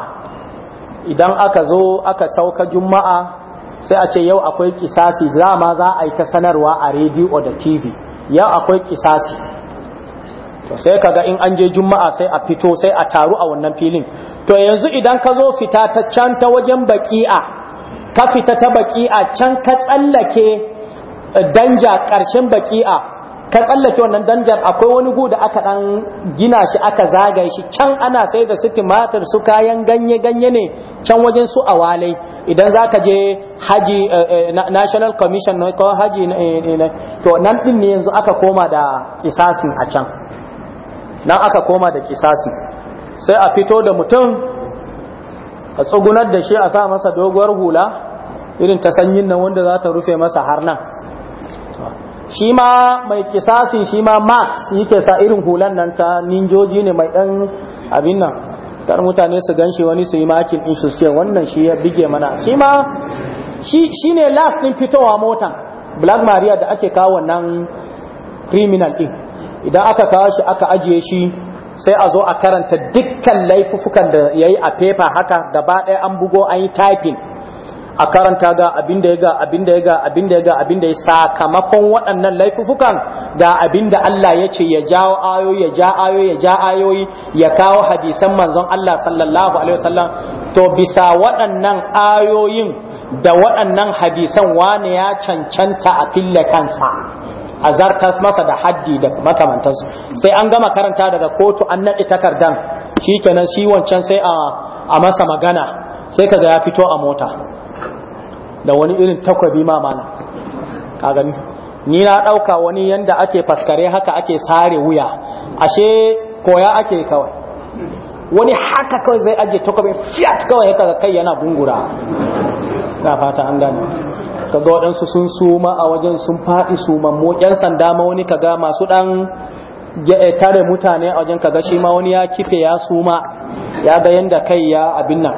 idan aka zo aka sauka juma'a sai a ce yau akwai kisasi za ma za a yi ta sanarwa a rediyo da tv yau akwai kisasi to sai ga in an je juma'a sai a fito sai a taru a wannan filin to yanzu idan ka zo fita ta can ta wajen baki'a ka fita ta baki'a can ka tsallake danja ƙarshen baki'a ka tsallake wannan danjar akwai wani gu da aka dan gina shi aka zagaye shi can ana sai da su timatir su kayan ganye ganye ne can wajen su a walai idan za ka je haji eh, eh, national commission ko haji eh, to nan din ne yanzu aka koma da kisasin a can nan aka koma da kisasin sai a fito da mutum a tsugunar da shi a sa masa doguwar hula irin ta sanyin nan wanda za ta rufe masa har nan shi ma mai kisasi shi ma max yake sa irin hulan nan ta ninjoji ne mai ɗan abin nan kar mutane su ganshi wani su yi makin in su ce wannan shi ya bige mana shi ma shi ne last din fitowa mota black maria da ake kawo nan criminal din idan aka kawo shi aka ajiye shi sai a zo a karanta dukkan laifufukan da ya yi a paper haka gaba ɗaya an bugo an yi typing a karanta ga abin da ya ga abin da ya ga abin da ya ga abin da ya sakamakon waɗannan laifufukan ga abin da Allah ya ce ya jawo ayoyi ya ja ayoyi ya ja ayoyi ya kawo hadisan manzon Allah sallallahu alaihi wasallam to bisa waɗannan ayoyin da waɗannan hadisan wani ya cancanta a fille kansa a zartas masa da haddi da makamantansu sai an gama karanta daga kotu an naɗi takardan shikenan shi wancan sai a masa magana sai kaga ya fito a mota da wani irin takwabi ma mana ka gani ni na ɗauka wani yanda ake faskare haka ake sare wuya ashe koya ake kawai wani haka kawai zai aje takwabi fiat kawai haka ga kai yana bungura na fata an gane kaga waɗansu sun suma a wajen sun faɗi suman mu ƴan sanda ma wani kaga masu ɗan eh, tare mutane a wajen kaga shi ma wani ya kife ya suma ya ga yanda kai ya abin nan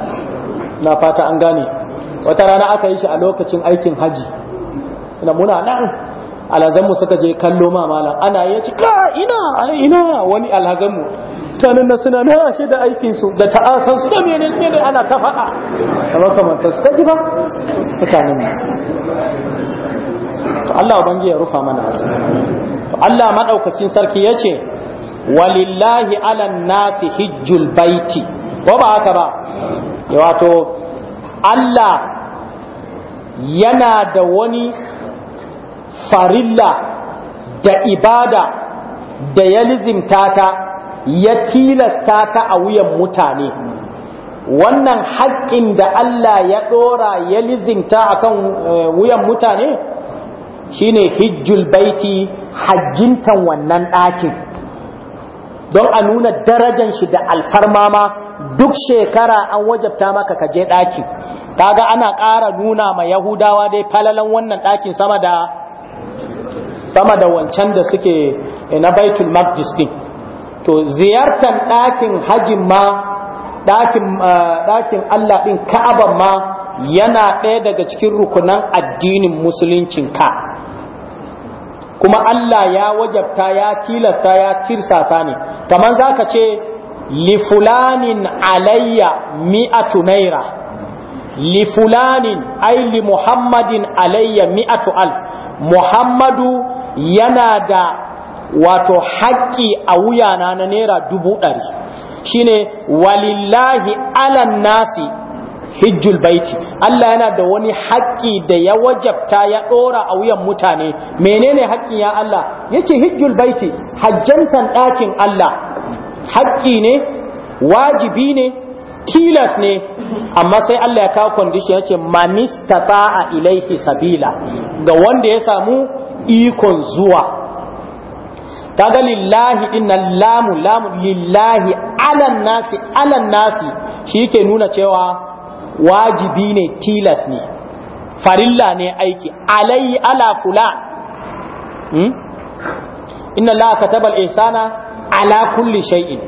na fata an gane wata rana aka yi shi a lokacin aikin haji na muna nan alhazanmu suka je kallo ma malam ana ya ci ka ina ina wani alhazanmu mutanen na suna na ashe da aikin su da ta'asan su da menene ne ana ta faɗa da makamantar su ji ba mutanen mu to Allah ubangi ya rufa mana asiri to Allah madaukakin sarki yace walillahi ala nasi hijjul baiti ko ba haka ba wato Allah yana da wani farilla da ibada da ya lizimta ta ya tilasta ta a wuyan mutane wannan haƙƙin da Allah ya ɗora ya lizimta a kan eh, wuyan mutane shine hijjul baiti hajjintan wannan ɗakin don a nuna darajan shi da alfarma ma duk shekara an wajabta maka ka je ɗaki kaga ana ƙara nuna ma yahudawa dai falalan wannan ɗakin sama da sama da wancan da suke eh, na baitul maqdis din to ziyartan ɗakin hajin ma eh, ɗakin Allah ɗin ka'aban ma yana ɗaya daga cikin rukunan addinin musuluncin ka kuma Allah ya wajabta ya tilasta ya tirsasa ne kamar zaka ce lifulanin alayya mi'atu naira Lifulanin fulanin li muhammadin alayya mi'atu alf muhammadu yana da wato haƙƙi a wuyana na naira dubu ɗari shine walillahi alan nasi hijjul baiti Allah yana da wani haƙƙi da ya wajabta ya ɗora a wuyan mutane menene haƙƙin ya Allah yace hijjul baiti hajjantan ɗakin Allah haƙƙi ne wajibi ne tilas ne amma sai Allah ya kawo condition yace manistata'a ilaihi sabila ga wanda ya samu ikon zuwa kaga lillahi inna lamu lamu lillahi alan nasi alan nasi shi yake nuna cewa wajibi ne tilas ne farilla ne aiki Alayyi ala fulan hmm? inna Allah kataba al-ihsana ala kulli shay'in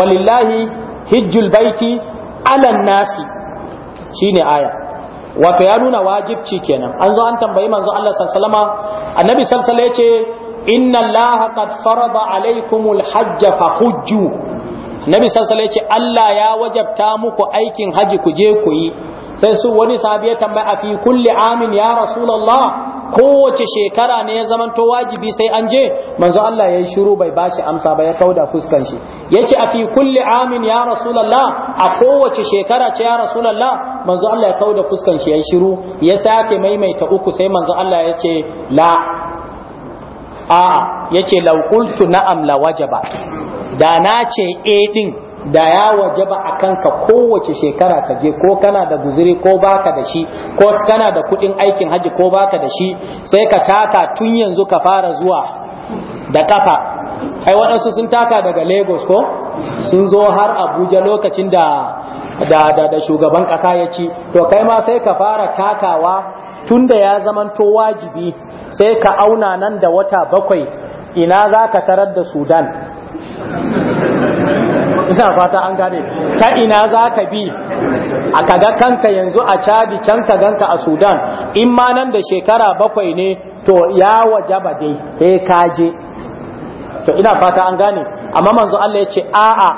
walillahi hijjul baiti ala nasi shine aya wato ya nuna wajibci kenan an zo an tambayi manzo Allah sallallahu alaihi wasallam annabi sallallahu alaihi yace inna Allah qad farada alaikumul hajja hujju nabi sallallahu ya ce Allah ya wajabta muku aikin haji ku je ku yi sai su wani sahabi ya tambaya a fi kulli amin ya rasulullah kowace shekara ne ya zamanto wajibi sai an je manzo Allah ya yi shiru bai bashi amsa ba ya kauda fuskan shi ce a fi kulli amin ya rasulullah a kowace shekara ce ya rasulullah manzo Allah ya kauda fuskan shi ya yi shiru ya sake maimaita uku sai manzo Allah ce la a yace law qultu na'am la wajaba da na ce e din da ya wajaba a kanka kowace shekara ka je ko kana da guziri ko baka da shi ko kana da kudin aikin haji ko baka da shi sai ka taka tun yanzu ka fara zuwa da kafa ai waɗansu sun taka daga lagos ko sun zo har abuja lokacin da da da da shugaban ƙasa ya ci to kai ma sai ka fara takawa tunda ya zamanto wajibi sai ka auna nan da wata bakwai ina za ka tarar da sudan ina fata an gane ta ina za ka bi a kaga kanka yanzu a cadi can ka ganka a sudan in ma nan da shekara bakwai ne to ya ba dai eh kaje to ina fata an gane amma manzo Allah ya ce a'a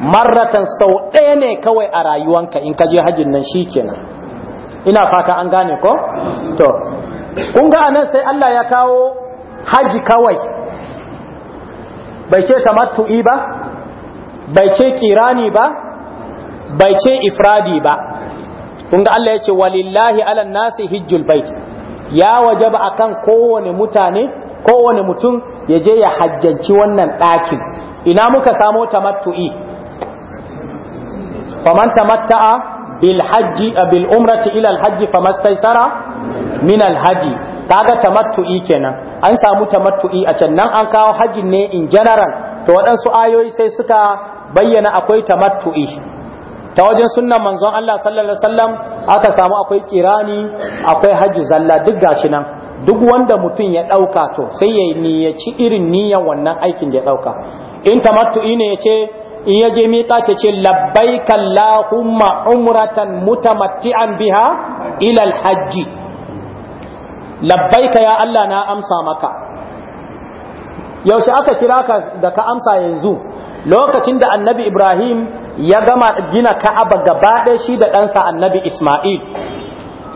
marratan sau ɗaya ne kawai a rayuwanka in ka je hajjin nan shikenan ina fata an gane ko to kun ga anan sai Allah ya kawo haji kawai bai ce tamattu'i ba bai ce kirani ba bai ce ifradi ba kun ga Allah ya ce walillahi ala nasi hijjul bait ya wajaba akan kowane mutane kowane mutum ya je ya hajjanci wannan ɗakin ina muka samo tamattu'i faman tamatta'a bil hajji bil umrati ila al hajji famastaysara min alhaji kaga tamattu'i kenan an samu tamattu'i a can nan an kawo hajji ne in general to waɗansu ayoyi sai suka bayyana akwai tamattu'i ta wajen sunnan manzon Allah sallallahu alaihi wasallam aka samu akwai kirani akwai haji zalla duk gashi nan duk wanda mutum ya ɗauka to sai ya niyyaci irin niyyar wannan aikin da ya ɗauka in tamattu'i ne ya ce in ya je miƙa ta ce labbaika Allahumma umratan mutamatti'an biha ila alhajji labbaika ya Allah na amsa maka yaushe aka kira ka da ka amsa yanzu lokacin da annabi Ibrahim ya gama gina Ka'aba gaba ɗaya shi da ɗansa annabi Ismail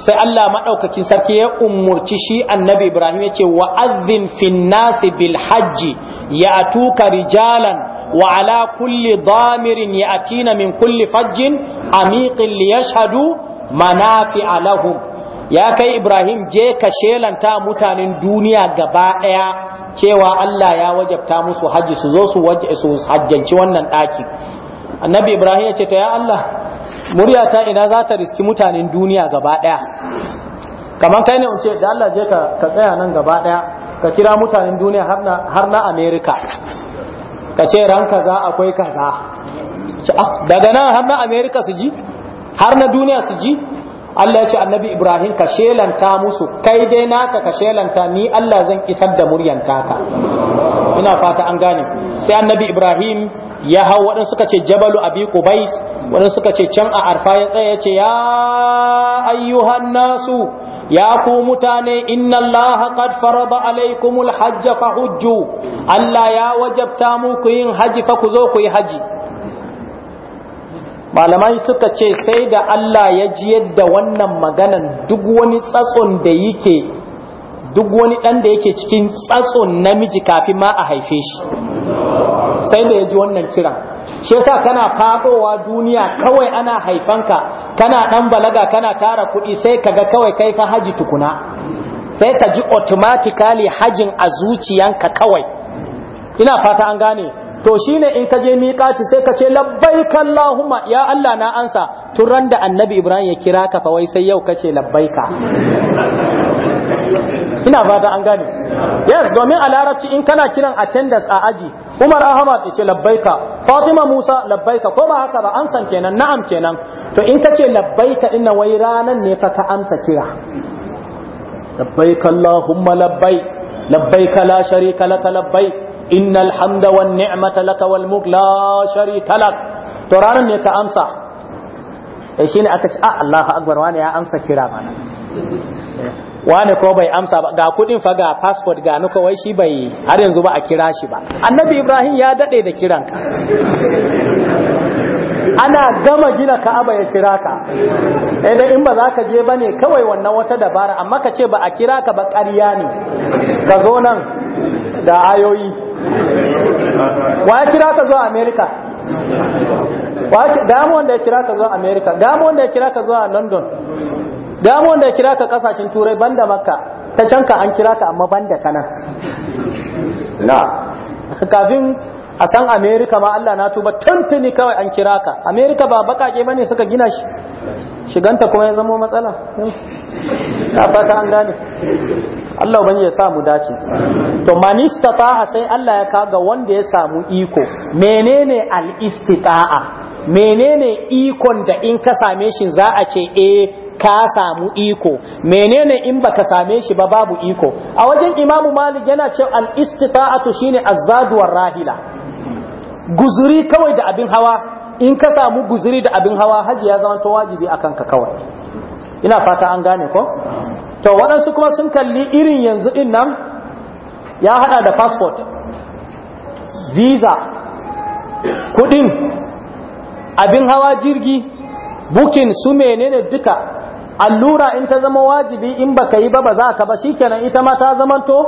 sai Allah maɗaukakin sarki ya umurci shi annabi Ibrahim ya ce wa'azin finnasi bil hajji ya tuka rijalan damirin ya atina min kulli fajjin فج li ليشهدوا منافع لهم ya kai ibrahim je ka shelanta mutanen duniya gaba ɗaya cewa allah ya wajabta musu hajji su zo su hajjanci wannan ɗaki annabi ibrahim ya ce ta ya allah muryata ina za ta riski mutanen duniya gaba ɗaya kamar kai ne ce da allah je ka tsaya nan gaba ɗaya ka kira mutanen duniya har na america ka ce ran kaza akwai kaza daga nan har na america su ji har na duniya su ji Allah ya ce annabi Ibrahim ka shelanta musu kai dai naka ka shelanta ni Allah zan isar da muryan taka ina fata an gane sai annabi Ibrahim ya hau waɗansu suka ce jabalu abi qubais waɗansu suka ce can a arfa ya tsaya ya ce ya ayyuhan nasu ya ku mutane inna Allah qad farada alaikumul fa hujju. Allah ya wajabta muku yin haji fa ku zo ku yi haji malamai suka ce sai da Allah ya ji yadda wannan maganan duk wani tsatson da yake duk wani dan da yake cikin tsatson namiji kafin ma a haife shi sai da ya ji wannan kiran shi yasa kana fadowa duniya kawai ana haifanka kana ɗan balaga kana tara kuɗi sai kaga kawai kai fa haji tukuna sai ka ji automatically hajin a zuciyanka kawai ina fata an gane to shine in ka je miƙati sai ka ce labbaika Allahumma ya Allah na ansa tun ran da annabi Ibrahim ya kira ka fa wai sai yau kace labbaika ina fata an gane yes domin a larabci in kana kiran attendance a aji Umar Ahmad ya ce labbaika Fatima Musa labbaika ko ba haka ba amsan kenan na'am kenan to in kace labbaika ina wai ranan ne fa ka amsa kira labbaika Allahumma labbaik labbaika la sharika laka labbaik innal hamda wan ni'mata laka wal mulk la to ranan ne ka amsa eh shine aka ce ah Allahu akbar wani ya amsa kira mana wani ko bai amsa ba ga kudin fa ga passport ga shi bai har yanzu ba a kira shi ba annabi ibrahim ya daɗe da kiranka ana gama gina ka'aba ya kira ka idan eh, in ba za ka je ba ne kawai wannan wata dabara amma ka ce ba a kira ka ba ƙarya ne ka zo nan da ayoyi wa ya kira ka zuwa america gamu wanda ya kira ka zuwa america gamu wanda ya kira ka zuwa london gamu wanda ya kira ka kasashen turai banda makka ta can ka an kira ka amma banda kana na kafin a san america ma allah na tuba tuntuni kawai an kira ka america ba bakake bane suka gina shi shiganta kuma ya zamo matsala ta fata an gane Allah ban ya samu dace to manistata'a sai Allah ya kaga wanda ya samu iko menene al-istita'a menene ikon da in ka same shi za a ce eh ka samu iko menene in baka same shi ba babu iko a wajen imamu malik yana cewa al istita'atu shine azzaduwar rahila guzuri kawai da abin hawa in ka samu guzuri da abin hawa haji ya zama to wajibi akan ka kawai ina fata an gane ko to waɗansu kuma sun kalli irin yanzu ɗin nan ya haɗa da passport visa kuɗin abin hawa jirgi bukin su menene duka allura in ta zama wajibi in baka yi ba ba za ka ba shikenan ita ma ta zamanto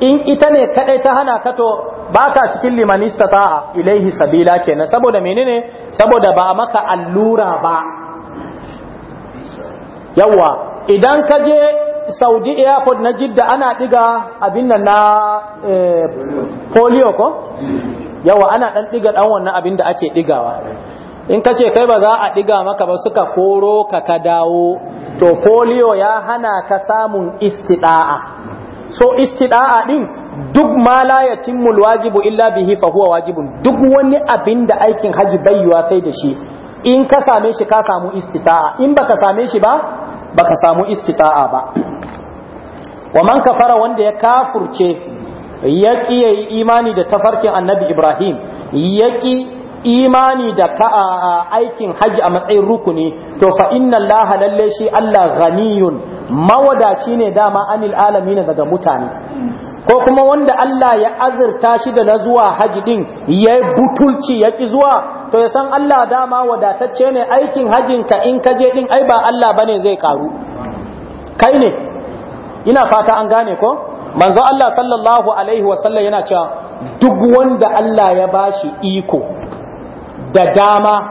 in ita ne kadai ta hana ka to baka cikin limanista ta'a ilaihi sabila kenan saboda menene saboda ba maka allura ba yawa idan ka je saudi airport na jidda ana diga abin nan na eh, polio ko yawa ana dan diga dan wannan abin da ake digawa in ka ce kai ba za a diga maka ba suka koro ka ka dawo to polio ya hana ka samun istida'a so istida'a din duk ma la yatimmul wajibu illa bihi fa huwa wajibun duk wani abin da aikin haji bayyuwa sai da shi in ka same shi ka samu istita'a in baka same shi ba baka samu istita'a ba wa man kafara wanda ya kafurce ya ki yayi imani da tafarkin annabi ibrahim ya ki imani da ka aikin hajji a matsayin rukuni to fa inna allah lalle shi allah ghaniyun mawadaci ne dama anil alamin daga mutane ko kuma wanda Allah ya azurta shi da na zuwa haji din ya yi butulci ya ƙi zuwa to ya san Allah dama wadatacce ne aikin hajin ka in ka je din ai ba Allah bane zai karu kai ne ina fata an gane ko manzo Allah sallallahu alaihi wa yana cewa duk wanda Allah ya bashi iko da dama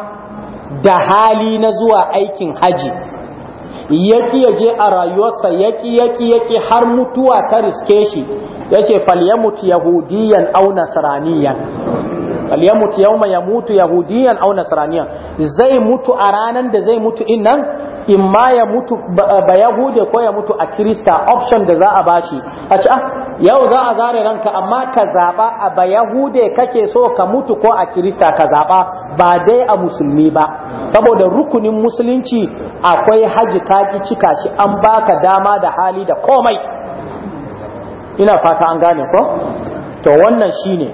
da hali na zuwa aikin haji yaki yaje a rayuwarsa yaki yaki yaki har mutuwa ta riske shi yace falyamut yahudiyan aw nasraniyan falyamut yawma yamutu yahudiyan aw nasraniyan zai mutu a ranan da zai mutu innan in ma ya mutu ba yahude ko ya mutu a kirista option da za a bashi a ci ah, yau za a zare ranka amma ka zaɓa a ba yahude kake so ka mutu ko a kirista ka zaɓa ba dai a musulmi ba saboda rukunin musulunci akwai haji kaki cika shi an baka dama da hali da komai ina fata an gane ko to wannan shine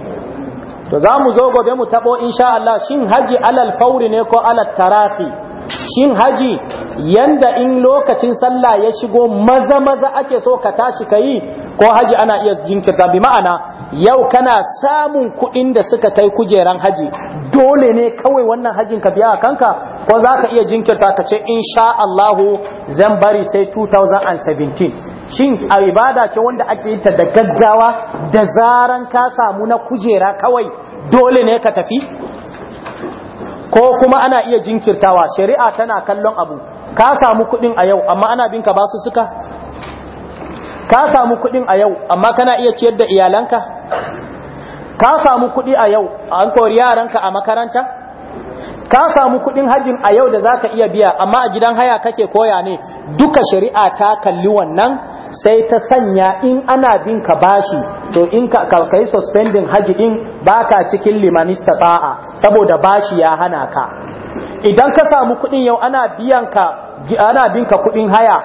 to za mu zo gobe mu taɓo insha Allah shin haji alal fauri ne ko alal tarafi shin haji yanda in lokacin sallah ya shigo maza maza ake so ka tashi ka ko haji ana iya jinkirta bi ma'ana yau kana samun kuɗin da suka kai kujeran haji dole ne kawai wannan hajin ka biya kanka ko za ka iya jinkirta ka ce insha Allahu zan bari sai 2017 shin a ibada ce wanda ake yin ta da gaggawa da zaran ka samu na kujera kawai dole ne ka tafi ko kuma ana iya jinkirtawa shari'a tana kallon abu ka samu kuɗin a yau amma ana binka basu suka ka samu kuɗin a yau amma kana iya ciyar da iyalanka ka samu kuɗi a yau an kori yaranka a makaranta ka samu kuɗin hajjin a yau da zaka iya biya amma a gidan haya kake koya ne duka shari'a ta kalli wannan sai ta sanya in ana bin ka bashi to in ka kai suspending hajji in baka cikin limanista ba'a saboda bashi ya hana ka idan ka samu kuɗin yau ana biyan ka ana bin ka kuɗin haya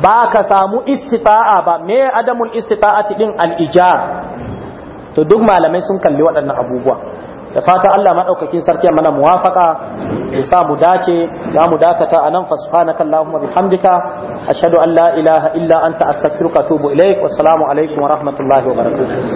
baka samu istita'a ba me adamul istita'ati din al-ijar to duk malamai sun kalli waɗannan abubuwa da fata Allah madaukakin sarki mana muwafaka ya sa mu dace za mu dakata anan fa subhanaka allahumma a ashhadu an la ilaha illa anta astaghfiruka wa atubu ilaik wassalamu alaikum wa rahmatullahi wa barakatuh